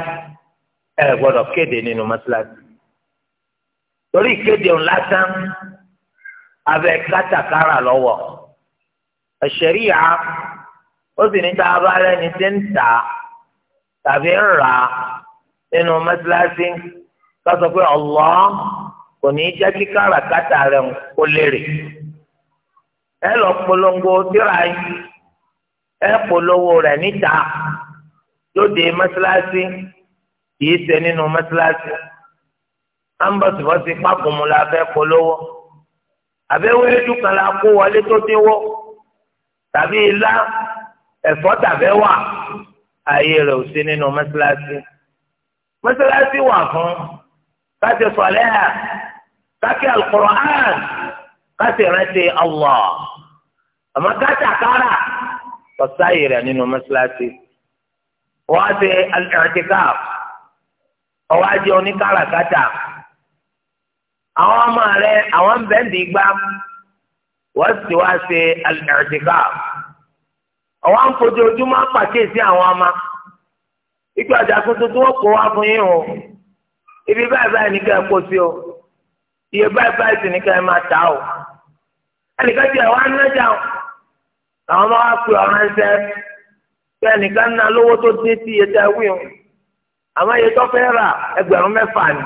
ẹ̀ gbọ́dọ̀ kéde nínú mọ́ṣáláṣí torí ìkéde òun lásán abẹ kátàkárà lọ́wọ́ ẹ̀ṣẹ̀ríyà ó sì ní tá a bá lẹ́ni tí ń tà tàbí ń rà nínú mọ́sálásí ká sọ pé Allah kò ní í jẹ́ kí káràkátà rẹ̀ kó lérè ẹ lọ polongo síra ẹ polówó rẹ̀ níta lóde mọ́sálásí kì í ṣe nínú mọ́sálásí ambọ̀sibọ́sí pákùmù la fẹ́ polówó àbẹ́wò ẹ̀dùn kan la kó wọlé tó ti wọ́ tàbí ilá ẹ̀fọ́ tàbẹ́ wà ààyè rẹ̀ ò sí nínú mọ́sálásí mọ́sálásí wà fún káṣí sọ̀lẹ́hà káṣí alukur'an káṣí rántí Allah àmọ́ káṣí àkàrà ọ̀sáyè rẹ̀ nínú mọ́sálásí wọ́n á ṣe àtìkáf ọwọ́ á jẹ́ oníkàràkátà àwọn ọmọ rẹ àwọn bẹ́ǹdì gbá wọ́n sì wá ṣe àlùkàtìkà àwọn àǹfojoojúmọ́ pàkíyèsí àwọn ọmọ ìgbà ọjà tuntun tí wọ́n kó wá fún yín o ibi báyìí báyìí ní ká ẹ kó sí o iye báyìí báyìí sì ní ká ẹ máa tà o ẹnìkan tiẹ̀ wá nájà o àwọn ọmọ wa pè ọ̀rọ̀ ẹsẹ̀ pé ẹnìkan ná lówó tó dín sí iye tá ẹ wí o àmọ́ iye tó fẹ́ rà ẹgbẹ̀rún mẹ́fà ni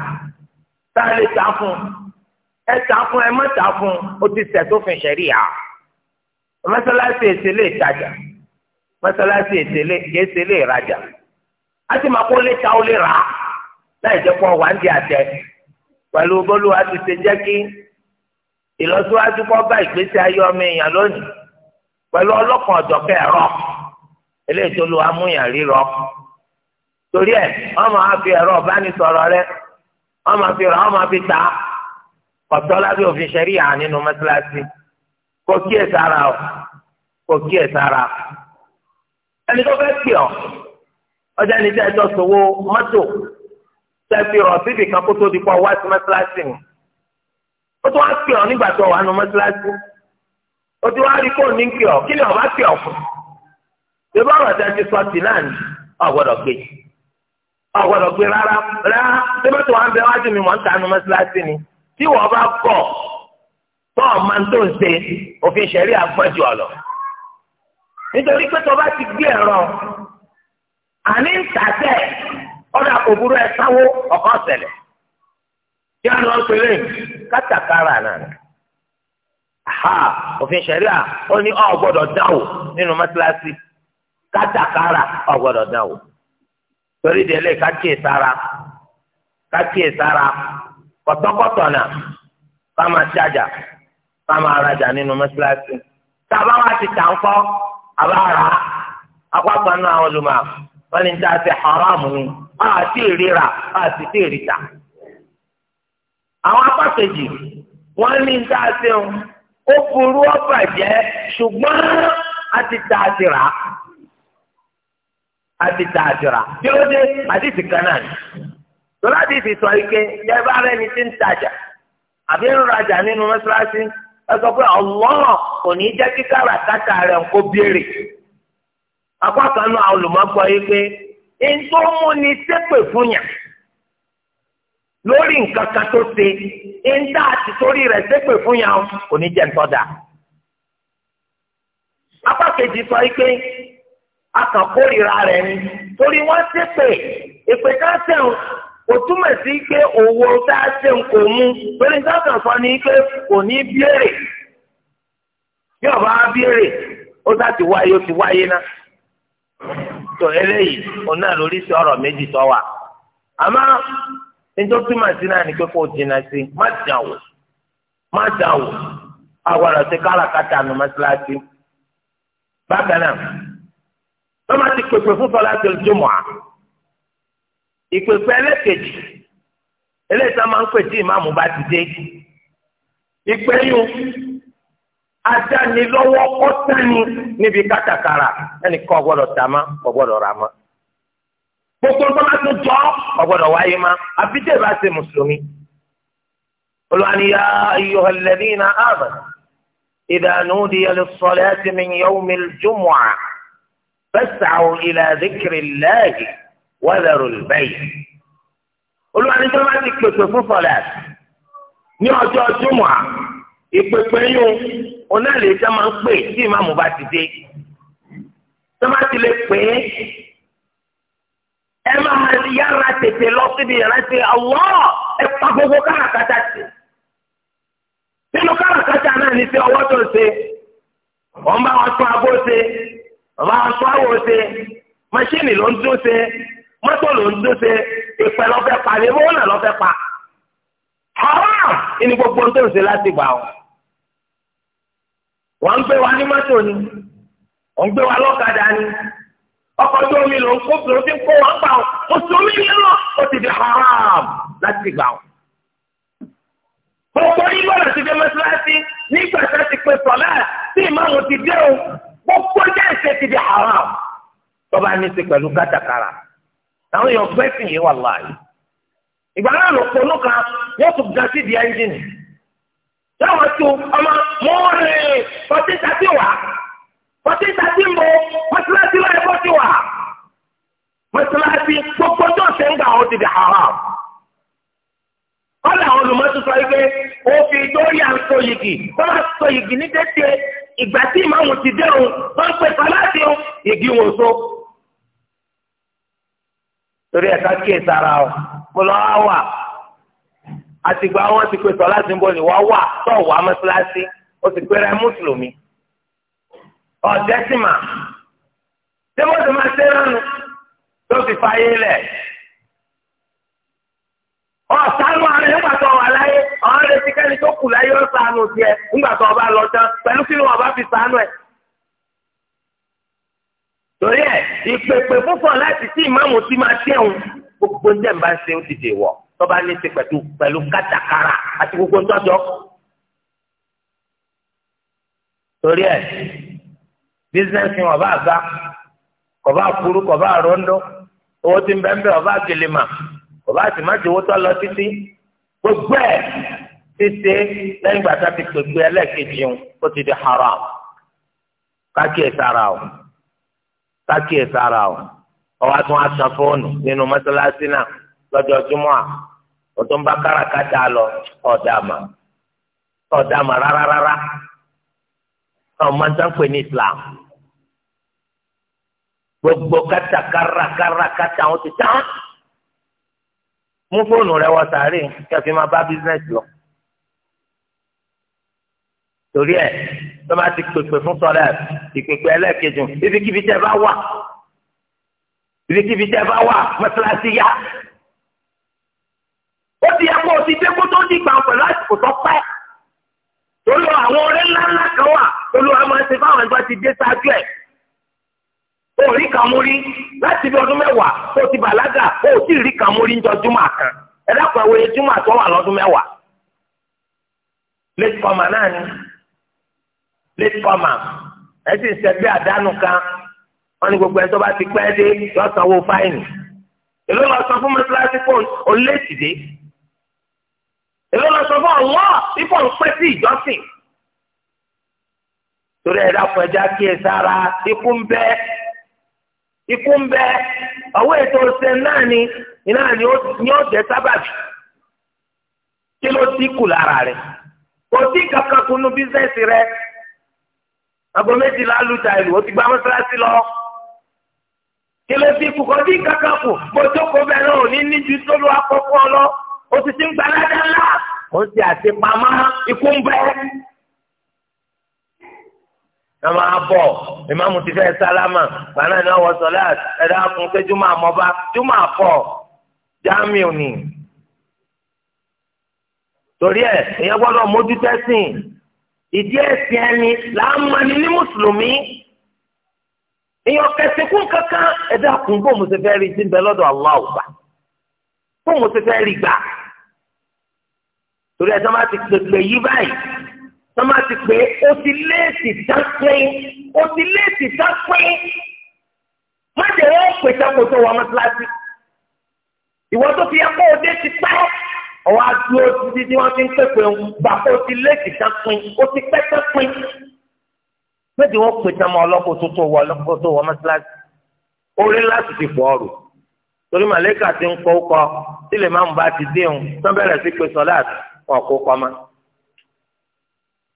tá lè tà fún un ẹ tà fún ẹ má tà fún o ti ṣẹ̀ sófin ṣẹ̀ríà mọ́sálásí èsèlè ìtajà mọ́sálásí èsèlè èsèlè ìrajà àti màkó lè ta ó lè rà á láì jẹ́ pọ̀ wá ń di àtẹ pẹ̀lú bólú àti ṣe jẹ́ kí ìlọsíwájú kọ́ bá ìgbésí ayé ọmọ èèyàn lónìí pẹ̀lú ọlọ́kan ọ̀jọ̀kẹ́ ẹ̀rọ eléyìí tó lu amúyàn rírọ torí ẹ ọmọ àfi ẹ̀rọ ọ̀bánisọ̀rọ̀ rẹ ọmọ àfi rà ọmọ àfi tà á kọtọ lábẹ òfin ṣẹríà nínú mọ́sálásí kò kíyè sára o kò kíyè sára ẹni tó fẹ́ pè ọ́ ọjà ní tí ẹjọ́ sọ̀wọ́ mọ́tò tẹ̀sí rọ̀ síbi kan kó tó di pọ̀ wá sí mọ́sálásí ni ó tún wá pè ọ́ nígbà tó wà nù mọ́sálásí ó tún wá rí kó ní pè ọ́ kí ni ọba pè ọ́ fún ṣébí ọ̀rọ̀ tẹ́ ti sọ sí náà ni ọ̀gbọ́dọ̀ gbé ọ̀gbọ́dọ̀ gbé rárá rárá ṣé mọ́tò wa ń bẹ wájú mi mọ̀ ń kà nù mọ́sálásí ni. tí ọba bá kọ̀ tó o máa ń tó ń ṣe òfin ṣẹ̀rí àgbọ̀jù ọ̀lọ́. nítorí pé tó o bá ti gbé ẹ̀rọ àní ń tàtẹ́ ọ̀dà òbúrú ẹ̀ sáwó ọ̀kan ṣẹlẹ̀. kí wọ́n lọ pèlè kátàkárà náà. àhà òfin ṣẹ̀rí à ó ní ọ̀ gbọ́dọ̀ dáwò nínú kátàkárà dáwò. torí délé kọ̀tọ́kọ̀tọ̀nà ká máa fama ká máa rajà nínú mọ́ṣáláṣí tábà wá ti tà ń kọ́ àbára apákan náà àwọn olùmọ̀ wọ́n ní ta ṣe haram ni àti ìríra àti tí ìríta. àwọn apákejì wọ́n ní ta ṣe ń ó burú ó bàjẹ́ a àti ta ṣe rà á àti ta ṣe rà á bí dé àti ti kan náà ni. tọ́lá ti sọ ike yẹ bá rẹ ni ti ń tajà àbí ń rajà nínú mọ́ṣáláṣí ẹ sọ pé re kò ní jẹ́ kí káràkátà rẹ̀ ń kó béèrè apá kan náà àwọn olùmọ̀gbọ́ yìí pé ń mú ni ṣépè fún yàn lórí nǹkan kan tó ṣe ń dá àti torí rẹ̀ ṣépè fún yàn kò ní jẹ́ apá kejì sọ pé akàn kórìíra rẹ̀ ni torí wọ́n ṣépè ìpè ká sẹ́wọ̀n. kò túmọ̀ sí pé owó tá a ṣe ń kò mú pẹ̀lú sọ ni pé kò ní bíèrè bí ọba á bíèrè ó sá ti wáyé ó ti wáyé ná. tó eléyìí òun náà lórí sí ọ̀rọ̀ méjì tó wà àmọ́ nítorí túmọ̀ sí náà ni pé kò jìnnà sí má wò má wò àwọ̀rọ̀ sí ìpèpè ẹlẹ́kejì eléyìí tá a máa ń pè tí ìmáàmù bá ti dé ìpéyùn adánilọ́wọ́ kọ́tẹ́ni níbi kátàkárà ẹnì kan ọ̀gbọ́dọ̀ tà má ọ̀gbọ́dọ̀ rà má gbogbo nǹkan bá tún jọ ọ̀gbọ́dọ̀ wáyé má àbíjẹ́ bá ṣe mùsùlùmí olùwàníyà ayyuhal ladhina amanu idha nudiya lis-salati min yawmil jumu'ah fas'aw ila dhikrillahi wọ́dẹ̀rù lùbẹ́yì. olùwànìjọ́ bá ti pèpè fún sọ̀lẹ̀ ní ọjọ́ júmọ̀ à ìpèpè yún onáàlè jẹ́ máa ń pè tí ìmáàmù bá ti dé. tó bá ti lè pè é ẹ máa yára tètè lọ síbi ìrántí ọwọ́ ẹ pa gbogbo káràkátà sí. nínú káràkátà náà ní sí ọwọ́ tó ń ṣe wọ́n bá wọn tún abó ṣe wọ́n bá wọn tún àwò ṣe máṣíìnì ló ń dún ṣe mọ́tò ló ń dóse ìpẹ́ lọ́fẹ́ pa ní owó náà lọ́fẹ́ pa haram ìní gbogbo ń tó ń ṣe láti gbà ọ́ wọ́n ń gbé wa ní mọ́tò ni wọ́n ń gbé wa lọ́kadà ni ọkọ̀ ojú omi ló ń kó ló ti ń kó wọn gbà ọ́ mùsùlùmí ni lọ ó ti di haram láti gbà ọ́ gbogbo yín gbọ́dọ̀ ti dé mọ́sálásí nígbà tá a ti pè sọ̀lá tí ìmáàmù ti dé o gbogbo jẹ́ ìṣe ti di haram tọ́ba ní í ṣe pẹ̀lú kátàkárà. àwọn èèyàn gbẹ́ sìn yìí wà láàyè ìgbà náà ló pọ̀ lóka wọ́n tún ga sí di ẹ́ńjìnì yàwó tó ọmọ mọ́ rẹ̀ fọtí tàbí wà fọtí tàbí mọ́ mọ́tíláṣí láyé fọtí wà mọ́tíláṣí gbogbo ṣe ń gbà ti di haram kọ́lá àwọn olùmọ̀tò sọ wípé dórí àǹtó yìgì wọ́n máa sọ yìgì ní ìgbà tí ti torí ẹ̀ka kíyè sára o mo lọ wá wà àtìgbà wọn ti pè sọ láti ń bọ ní wọ́n wà tó wà mọ́sálásí ó sì pèrè mùsùlùmí ọ̀jẹ́ sì mà ṣé mo sì máa ṣe ránu tó fi fàyè lẹ̀ ọ̀sánú ààrẹ nígbà tó wà láyé ọ̀hún retí kẹ́ni tó kù láyé ọ̀sánú tiẹ̀ nígbà ọba lọ tán pẹ̀lú kí ni wọ́n bá fi sànú ẹ̀ torí ẹ ìpèpè púpọ̀ láti tí ìmáàmù ti máa ṣẹ́hun gbogbo ní ẹ̀mbá ṣe ó ti dè wọ̀ tó bá ní ṣe pẹ̀lú pẹ̀lú kátàkárà àti gbogbo ńtọ́jọ́. torí ẹ bísíǹsì wọn bá ga kò bá kúrú kò bá ròndó owó tí ń bẹ́ẹ̀ bẹ́ẹ̀ ọba gèlèmà ọba àti májèwó tó lọ títí gbogbo ẹ̀ títí lẹ́yìn gbàtà ti pèpè ẹlẹ́ẹ̀kejì ó ti di haram kákìí sára o sákìyè sára o ọwọ́ àti wọn aṣọ fóònù nínú mọ́sálásí náà lọ́jọ́ júmọ́ à o tó ń bá kárakáta lọ ọ̀dàmà ọ̀dàmà rárára ọmọ ń tán pè ní Islam gbogbo kata kárakárakáta wọn ti tán mú fóònù rẹ wọ sàárè kẹfì máa bá bísíǹsì lọ torí ẹ tó bá ti pèpè fún sọlẹ ìpèpè ẹlẹ́ẹ̀kejì ibikíbi tẹ́ bá wà ibikíbi tẹ́ bá wà mọ́sálásí yá ó ti yẹ kó o ti dé kó tó dìgbà pẹ̀lú àsìkò tó pẹ́ olú àwọn ọ̀rẹ́ ńláńlá kan wà olú àwọn ẹsẹ fáwọn ẹgbẹ́ ti dé ṣáájú ẹ òrí kan mú rí láti bí ọdún mẹ́wàá tó ti bàlágà ó sì rí kan mú rí ń jọ júmọ kan ẹ dákun ẹwọ ejúmọ àtọwà lọ́dún mẹ́wàá lẹsùn ọmọ náà ni late former ẹ sì ń sẹgbẹ́ àdánù kan wọ́n ní gbogbo ẹ̀ tó bá ti pẹ́ dé yọ sanwó fáìnì èló lọ sọ fún mẹsàlásí pé òun léètì dé èló lọ sọ fún ọwọ́ ipò ń pẹ́ sí ìjọsìn torí ẹ̀dá fún ẹja kí ẹ sára ikú ń bẹ ikú ń bẹ ọwọ́ ètò ọ̀sẹ̀ náà ni iná ni ó jẹ sábàbí kí ló dínkù lára rẹ̀ kò sí kankan kunu bísẹ̀sì rẹ̀ aago méjìlá lùtà ìlú ó ti gba mọ́sálásí lọ. kí ló ti kú kọjú kankan kù bó jókòó bẹ́ẹ̀ náà ò ní níjú tó lọ akọ́kọ́ lọ ó ti ti ń gbalada ńlá ó ti àtipamọ́ ikú ń bẹ́ẹ̀ ẹ máa bọ̀ ìmáàmù ti fẹ́ sálámà gbaná ni wọ́n wọ sọ́lá ẹ̀dá kun pé júmọ̀ àmọ́ba júmọ̀ àfọ̀ jámíù ni. torí ẹ ìyẹn gbọ́dọ̀ mójútẹ́sìn ìdí ẹ̀sìn ẹni làá ní mùsùlùmí èèyàn kẹsìn kankan ẹ̀dá kún bó mo ṣe fẹ́ rí sí bẹ lọ́dọ̀ Allah gbà bó mo ṣe fẹ́ rí gbà torí ẹ̀ tó máa ti pèpè yí báyìí tó ti pè ó ti léètì ti ọwọ́ adúró títí tí wọ́n ti ń pèpè ń gbà kó ti léèkì tán pin ó ti pẹ́ tán pin méjì wọ́n pè tán mọ́ ọlọ́kọ̀ tó tó wọ ọlọ́kọ̀ tó wọ mọ́sálásí orí láti ti fọ́ ọ̀rọ̀ torí màlẹ́kà ti ń kọ́ kọ́ sílẹ̀ máa ń bá ti dé òun tán bẹ̀rẹ̀ sí pé sọ́lá wọn kọ́ ma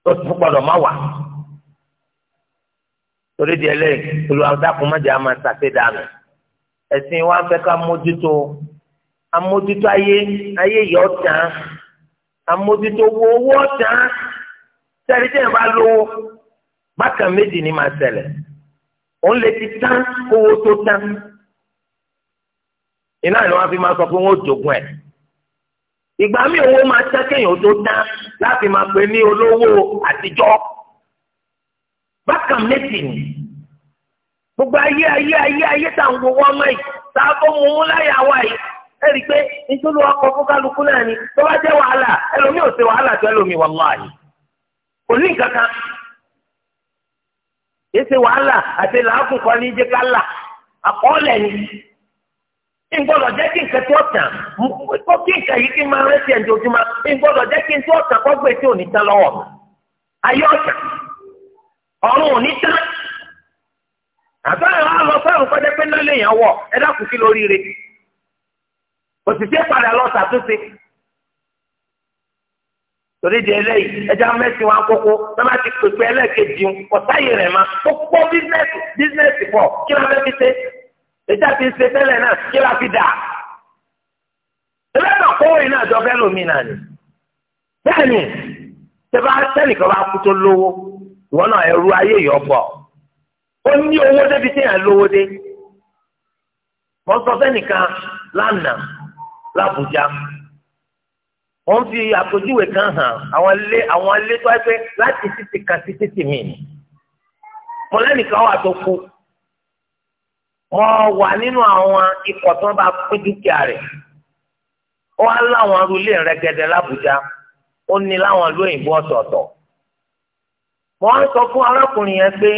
tó tún gbọ́dọ̀ má wà torí di ẹlẹ́yìn olùwàdàkùn má jẹ́ àmà sàkédànù ẹ̀sìn wa fẹ́ ká mójútó amójútó ayé ayé yọ ọ̀tàn amójútó owó owó ọ̀tàn sẹ́ni tẹ́ ẹ̀ bá lówó bákan méjì ni máa ṣẹlẹ̀ òun lè ti tán owó tó tán iná ni wọ́n fi máa sọ pé wọ́n ò jogún ẹ̀ ìgbà mi owó máa tán kéèyàn tó tán láti máa pè ní olówó àtijọ́ bákan méjì ni gbogbo ayé ayé ayé ayé tá à ń wo wọ́n mọ́ yìí tá a fọ́ mu mú láyà wá ẹ rí pé nítorí wọn náà ni tó bá jẹ́ wàhálà ẹlòmíì ò ṣe wàhálà tó ẹlòmíì wàláhì kò ní nǹkan kan wàhálà àti làákùn kan ní jẹ́ kálà àkọọ́lẹ̀ ni jẹ́ kí nǹkan tó tàn kó kí nǹkan yìí kí n máa rẹ́sì ojúmọ́ jẹ́ kí n tó tàn kọ́gbé tí ò ní tán lọ́wọ́ ayé ọ̀run ò ní tán fẹ́ràn kọjá pé òṣìṣẹ́ padà lọ ṣàtúnṣe. torí di eléyìí ẹja mẹ́sìn wa kókó náà má ti pèpè ẹlẹ́ẹ̀kejì ọ̀sáyè rẹ̀ ma ó pọ́ bísínẹ́sì bísínẹ́sì pọ̀ kí la fẹ́ fi ṣe ètò àti ṣe tẹ́lẹ̀ náà kí la fi dà. ẹlẹ́nà kówó iná àjọ fẹ́ lómi náà ni. bẹ́ẹ̀ni tẹ́lá tẹ́nìkan bá kú tó lówó ìwọ náà ẹrú ayé yọ pọ̀ ó ní owó débi téèyàn lówó dé. mọ sọ fẹ́nìkan lánàá làbújá wọ́n fi àpèjúwe kan hàn àwọn ilé àwọn ilé tó ẹgbẹ́ láti títì kan sí títì mi ni mo lẹ́nìkan wà tó kú wọ́n wà nínú àwọn ikọ̀ tó ń bá pín dúkìá rẹ̀ ó wá láwọn arúlé rẹ̀gẹ̀dẹ̀ làbújá ó ní láwọn lóyìnbó ọ̀tọ̀ọ̀tọ̀ wọ́n sọ fún arákùnrin yẹn pé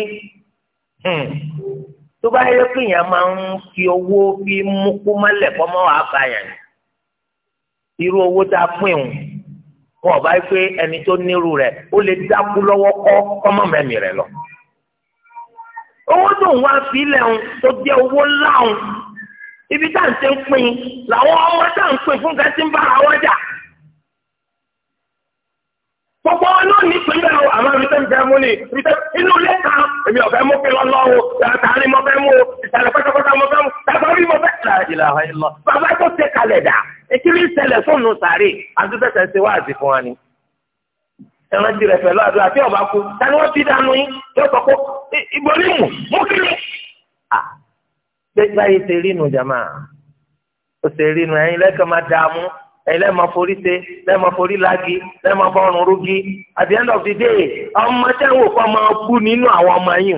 hmm, tó bá yẹ pé èèyàn máa ń fi owó fi mú kú mọ́lẹ̀ kọ́ mọ́ wàá bá yẹn ni irú owó tá a pín òun wọn ò bá yí pé ẹni tó nírú rẹ̀ ó lè dákú lọ́wọ́ kọ́ ọmọ mẹ́mí rẹ̀ lọ. owó tó ń wá sílẹ̀ ń tó jẹ́ owó láwọn ibi tá à ń ṣe ń pín làwọn ọmọ tá à ń pín fún kẹ́sí ń bára jà. Gbogbo wọn náà ní ìpínlẹ̀ o, àmọ́ ibi tẹ́ mi fẹ́ mú ni, ibi tẹ́ inú ilé kan, èmi ọ̀fẹ́ mú kí lọ́lọ́ o, tààrí mo fẹ́ mú o, ìsàlẹ̀ pátápátá mo fẹ́ mú, tàbá rí mo fẹ́ kà ìlà ìlọ. Bàbá tó ṣe kalẹ̀ dà, ìkírí ìṣẹ̀lẹ̀ fóònù sàárè, àtúntẹ̀sẹ̀ ṣe wá àti fún wa ni. Ẹran ti rẹ̀ pẹ̀lú àdúrà tí ọba kú, tani wọ́n ti dànù yín, yóò sọ pé ìgbò ní mù, mú kí ni? Gbẹ́gbẹ́ ayé ṣe rí nu jàmáà, ó ṣe rí nu ẹ̀yin lẹ́kọ̀ọ́ máa dààmú ẹ̀yin lẹ́ẹ̀ máa forí ṣe lẹ́ẹ̀ máa forí lági lẹ́ẹ̀ máa bọ́ọ̀rùn rúgí at the end of the day ọmọ tẹ́wọ̀n kọ́ máa bú nínú àwọn ọmọ yìí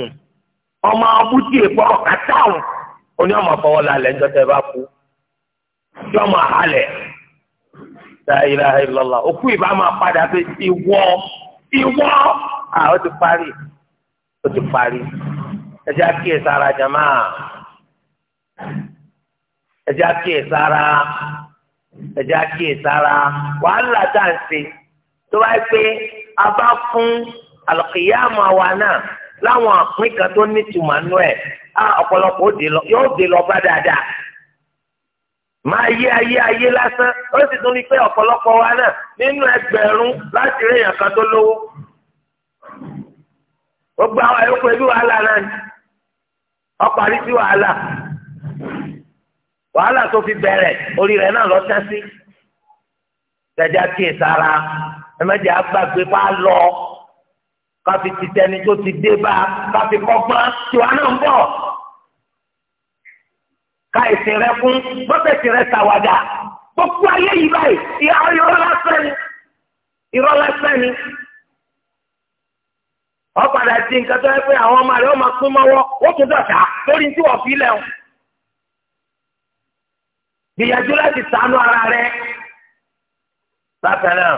ọmọ abúti èpọ̀ kàtàwùn oní ọmọ fọwọ́ lálẹ́ ńjọ́ tẹ́ bá kú tí ọmọ àhálẹ̀ òkú ìbá máa padà pé ó ti parí ó ti parí àkíyè sára àkíyè sára. ẹ̀jẹ̀ àkíyè sára wàhálà tá à ń ṣe tó bá pé a bá fún àlùkìyàmù àwa náà láwọn àpín kan tó ní tùmọ̀ nú ẹ̀ á ọ̀pọ̀lọpọ̀ yóò dé lọ bá dáadáa máa yé ayé ayé lásán ó sì tún ní pé ọ̀pọ̀lọpọ̀ wa náà nínú ẹgbẹ̀rún láti rí èèyàn kan tó lówó gbogbo àwọn ẹ̀rọ pẹ̀lú wàhálà náà ni ọ̀parí sí wàhálà wàhálà tó fi bẹ̀rẹ̀ orí rẹ̀ náà lọ tán sí tẹ̀jà tiẹ̀ sára ẹ má agbàgbé bá lọ káfi ti tẹni tó ti dé bá káfi kọ́gbọ́n tiwa náà ń bọ̀ ká ìsìn rẹ fún bọ́tẹ̀sì rẹ ṣàwàdà gbogbo ayé yìí báyìí irọ́ lásán ni irọ́ lásán ni ọ̀padà ti nǹkan tó yẹ pé àwọn ọmọ rẹ̀ ọmọ pín mọ́wọ́ wọ́n tún dọ̀tà lórí tí wọ́n fi gbìyànjú láti sànú ara rẹ bákan náà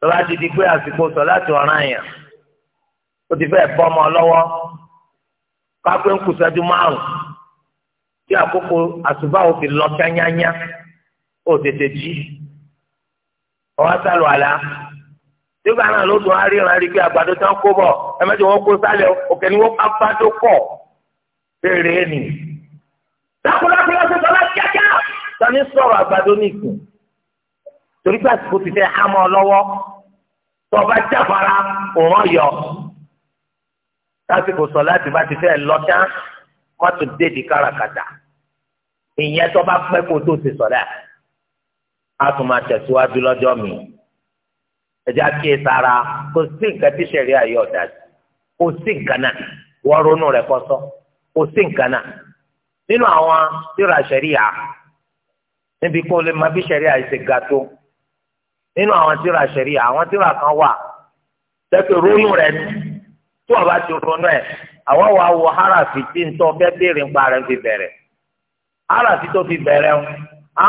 tó bá ti di pé àsìkò sọ láti ọ̀ràn yẹn ó ti fẹ́ bọ́ ọmọ lọ́wọ́ kápẹ́ ń kù sẹ́jú márùn tí àkókò àsùbá ò fi lọ yányányá ó tètè jí ọwọ́ sálọ àlá nígbà náà ló dùn áríran rí pé àgbàdo tán kó bọ̀ ẹ̀mẹ́jọ wọn kó sálẹ̀ òkè ni wọ́n bá bá tó kọ̀ fèrè ni dákúdákúdá tani sọ̀rọ̀ àgbàdo ní ìkùn torí pé àsìkò ti fẹ́ hámọ́ ọ lọ́wọ́ tó o bá jáfara òun ọ̀yọ́ lásìkò sọ láti bá ti fẹ́ lọ tán mọ́tò déèdì kárakáta ìyẹn tó bá pẹ́ kó tó ti sọ̀rọ̀ a tún máa tẹ̀síwájú lọ́jọ́ mi ẹ̀já kíyè sára kò sí nǹkan tí sẹ̀rí ayé ọ̀dà kò sí nǹkan náà wọ́n ronú rẹ̀ kọ́sọ́ kò sí nǹkan náà nínú àwọn tíra sẹ̀ríyà níbi kó lè mọ bí sẹ̀ríà ṣe ga tó nínú àwọn tíra sẹ̀ríà àwọn tíra kan wà tẹ́tù rónú rẹ̀ ni tí wọ́n bá ti ronú ẹ̀ àwọn wà wọ harafi tí ń tọ́ bẹ́ẹ̀ béèrè ńpa rẹ̀ fi bẹ̀rẹ̀ harafi tó fi bẹ̀rẹ̀ ń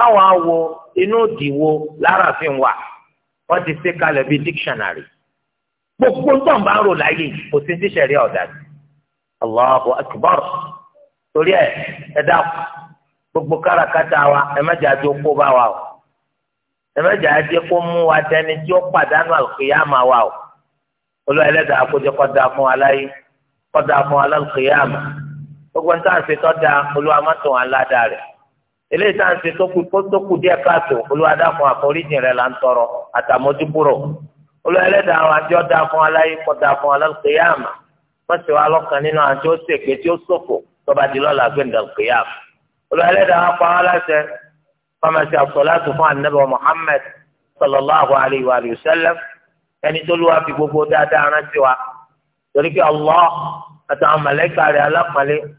àwọn awo inú ìdìwọ́ láràfin wà wọ́n ti ṣe kalẹ̀ bíi dictionary gbogbo tó ń bá ń rò láyé kò sí ti sẹ̀ríà ọ̀dà Allah akbar torí ẹ̀ ẹ̀ dákun gbogbo káràkátà wa ẹ má jẹ́ àti okó bá wa o ẹ má jẹ́ àti kó mú wa dẹni tí ó pàdánù àlùkìyàmà wa o olóyè ẹlẹ́dàá àkójọ kọ́dà fún aláyé kọ́dà fún alálùkìyàmà gbogbo nǹkan àti tọ́da olúwa má tó wọn ládà rẹ̀ eléyìí tá à ń ṣe tó kù tó kù díẹ̀ káàtó olúwa dá fún àforíjì rẹ̀ là ń tọrọ àtàmójúkúrò olóyè ẹlẹ́dàá àwọn àjọ dá fún aláyé kọ́dà fún alálùkìyàmà wọ́n ti wá lọ́kàn nínú àjọ ó ṣègbè وبعد ذلك قال شاء الصلاة فان النبي محمد صلى الله عليه وآله وسلم يعني دلوا في بفودة دعنا سوا ذلك الله أتى ملك على ألقى لي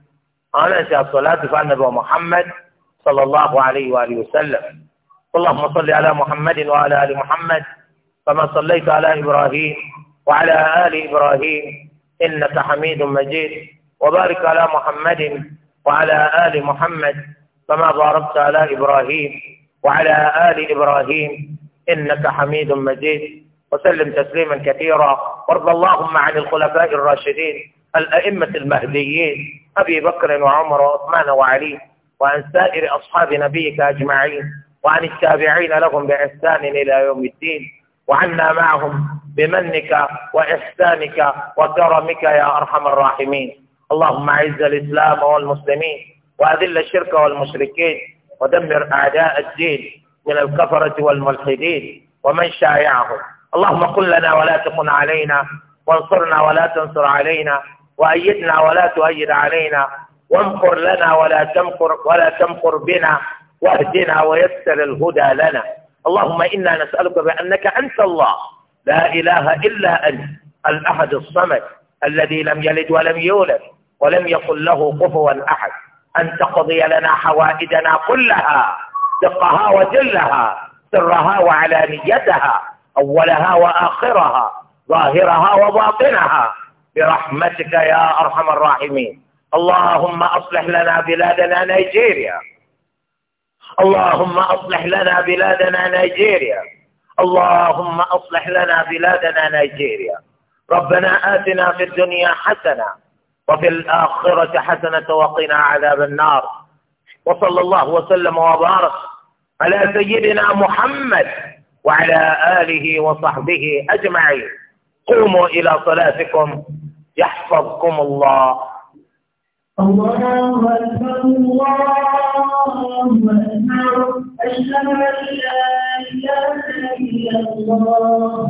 أنا الصلاة فان النبي محمد صلى الله عليه وآله وسلم اللهم صل على محمد وعلى آل محمد كما صليت على إبراهيم وعلى آل إبراهيم إنك حميد مجيد وبارك على محمد وعلى آل محمد كما باركت على إبراهيم وعلى آل إبراهيم إنك حميد مجيد وسلم تسليما كثيرا وارض اللهم عن الخلفاء الراشدين الأئمة المهديين أبي بكر وعمر وعثمان وعلي وعن سائر أصحاب نبيك أجمعين وعن التابعين لهم بإحسان إلى يوم الدين وعنا معهم بمنك وإحسانك وكرمك يا أرحم الراحمين اللهم اعز الإسلام والمسلمين وأذل الشرك والمشركين ودمر أعداء الدين من الكفرة والملحدين ومن شايعهم اللهم قل لنا ولا تكن علينا وانصرنا ولا تنصر علينا وأيدنا ولا تؤيد علينا وامكر لنا ولا تمكر ولا تمكر بنا واهدنا ويسر الهدى لنا اللهم إنا نسألك بأنك أنت الله لا إله إلا أنت الأحد الصمد الذي لم يلد ولم يولد ولم يقل له كفوا أحد أن تقضي لنا حوائجنا كلها دقها وجلها سرها وعلانيتها أولها وآخرها ظاهرها وباطنها برحمتك يا أرحم الراحمين اللهم أصلح لنا بلادنا نيجيريا اللهم أصلح لنا بلادنا نيجيريا اللهم أصلح لنا بلادنا نيجيريا ربنا آتنا في الدنيا حسنة وفي الآخرة حسنة وقنا عذاب النار وصلى الله وسلم وبارك على سيدنا محمد وعلى آله وصحبه أجمعين قوموا إلى صلاتكم يحفظكم الله اللهم أكبر الله أكبر أشهد أن لا إله إلا الله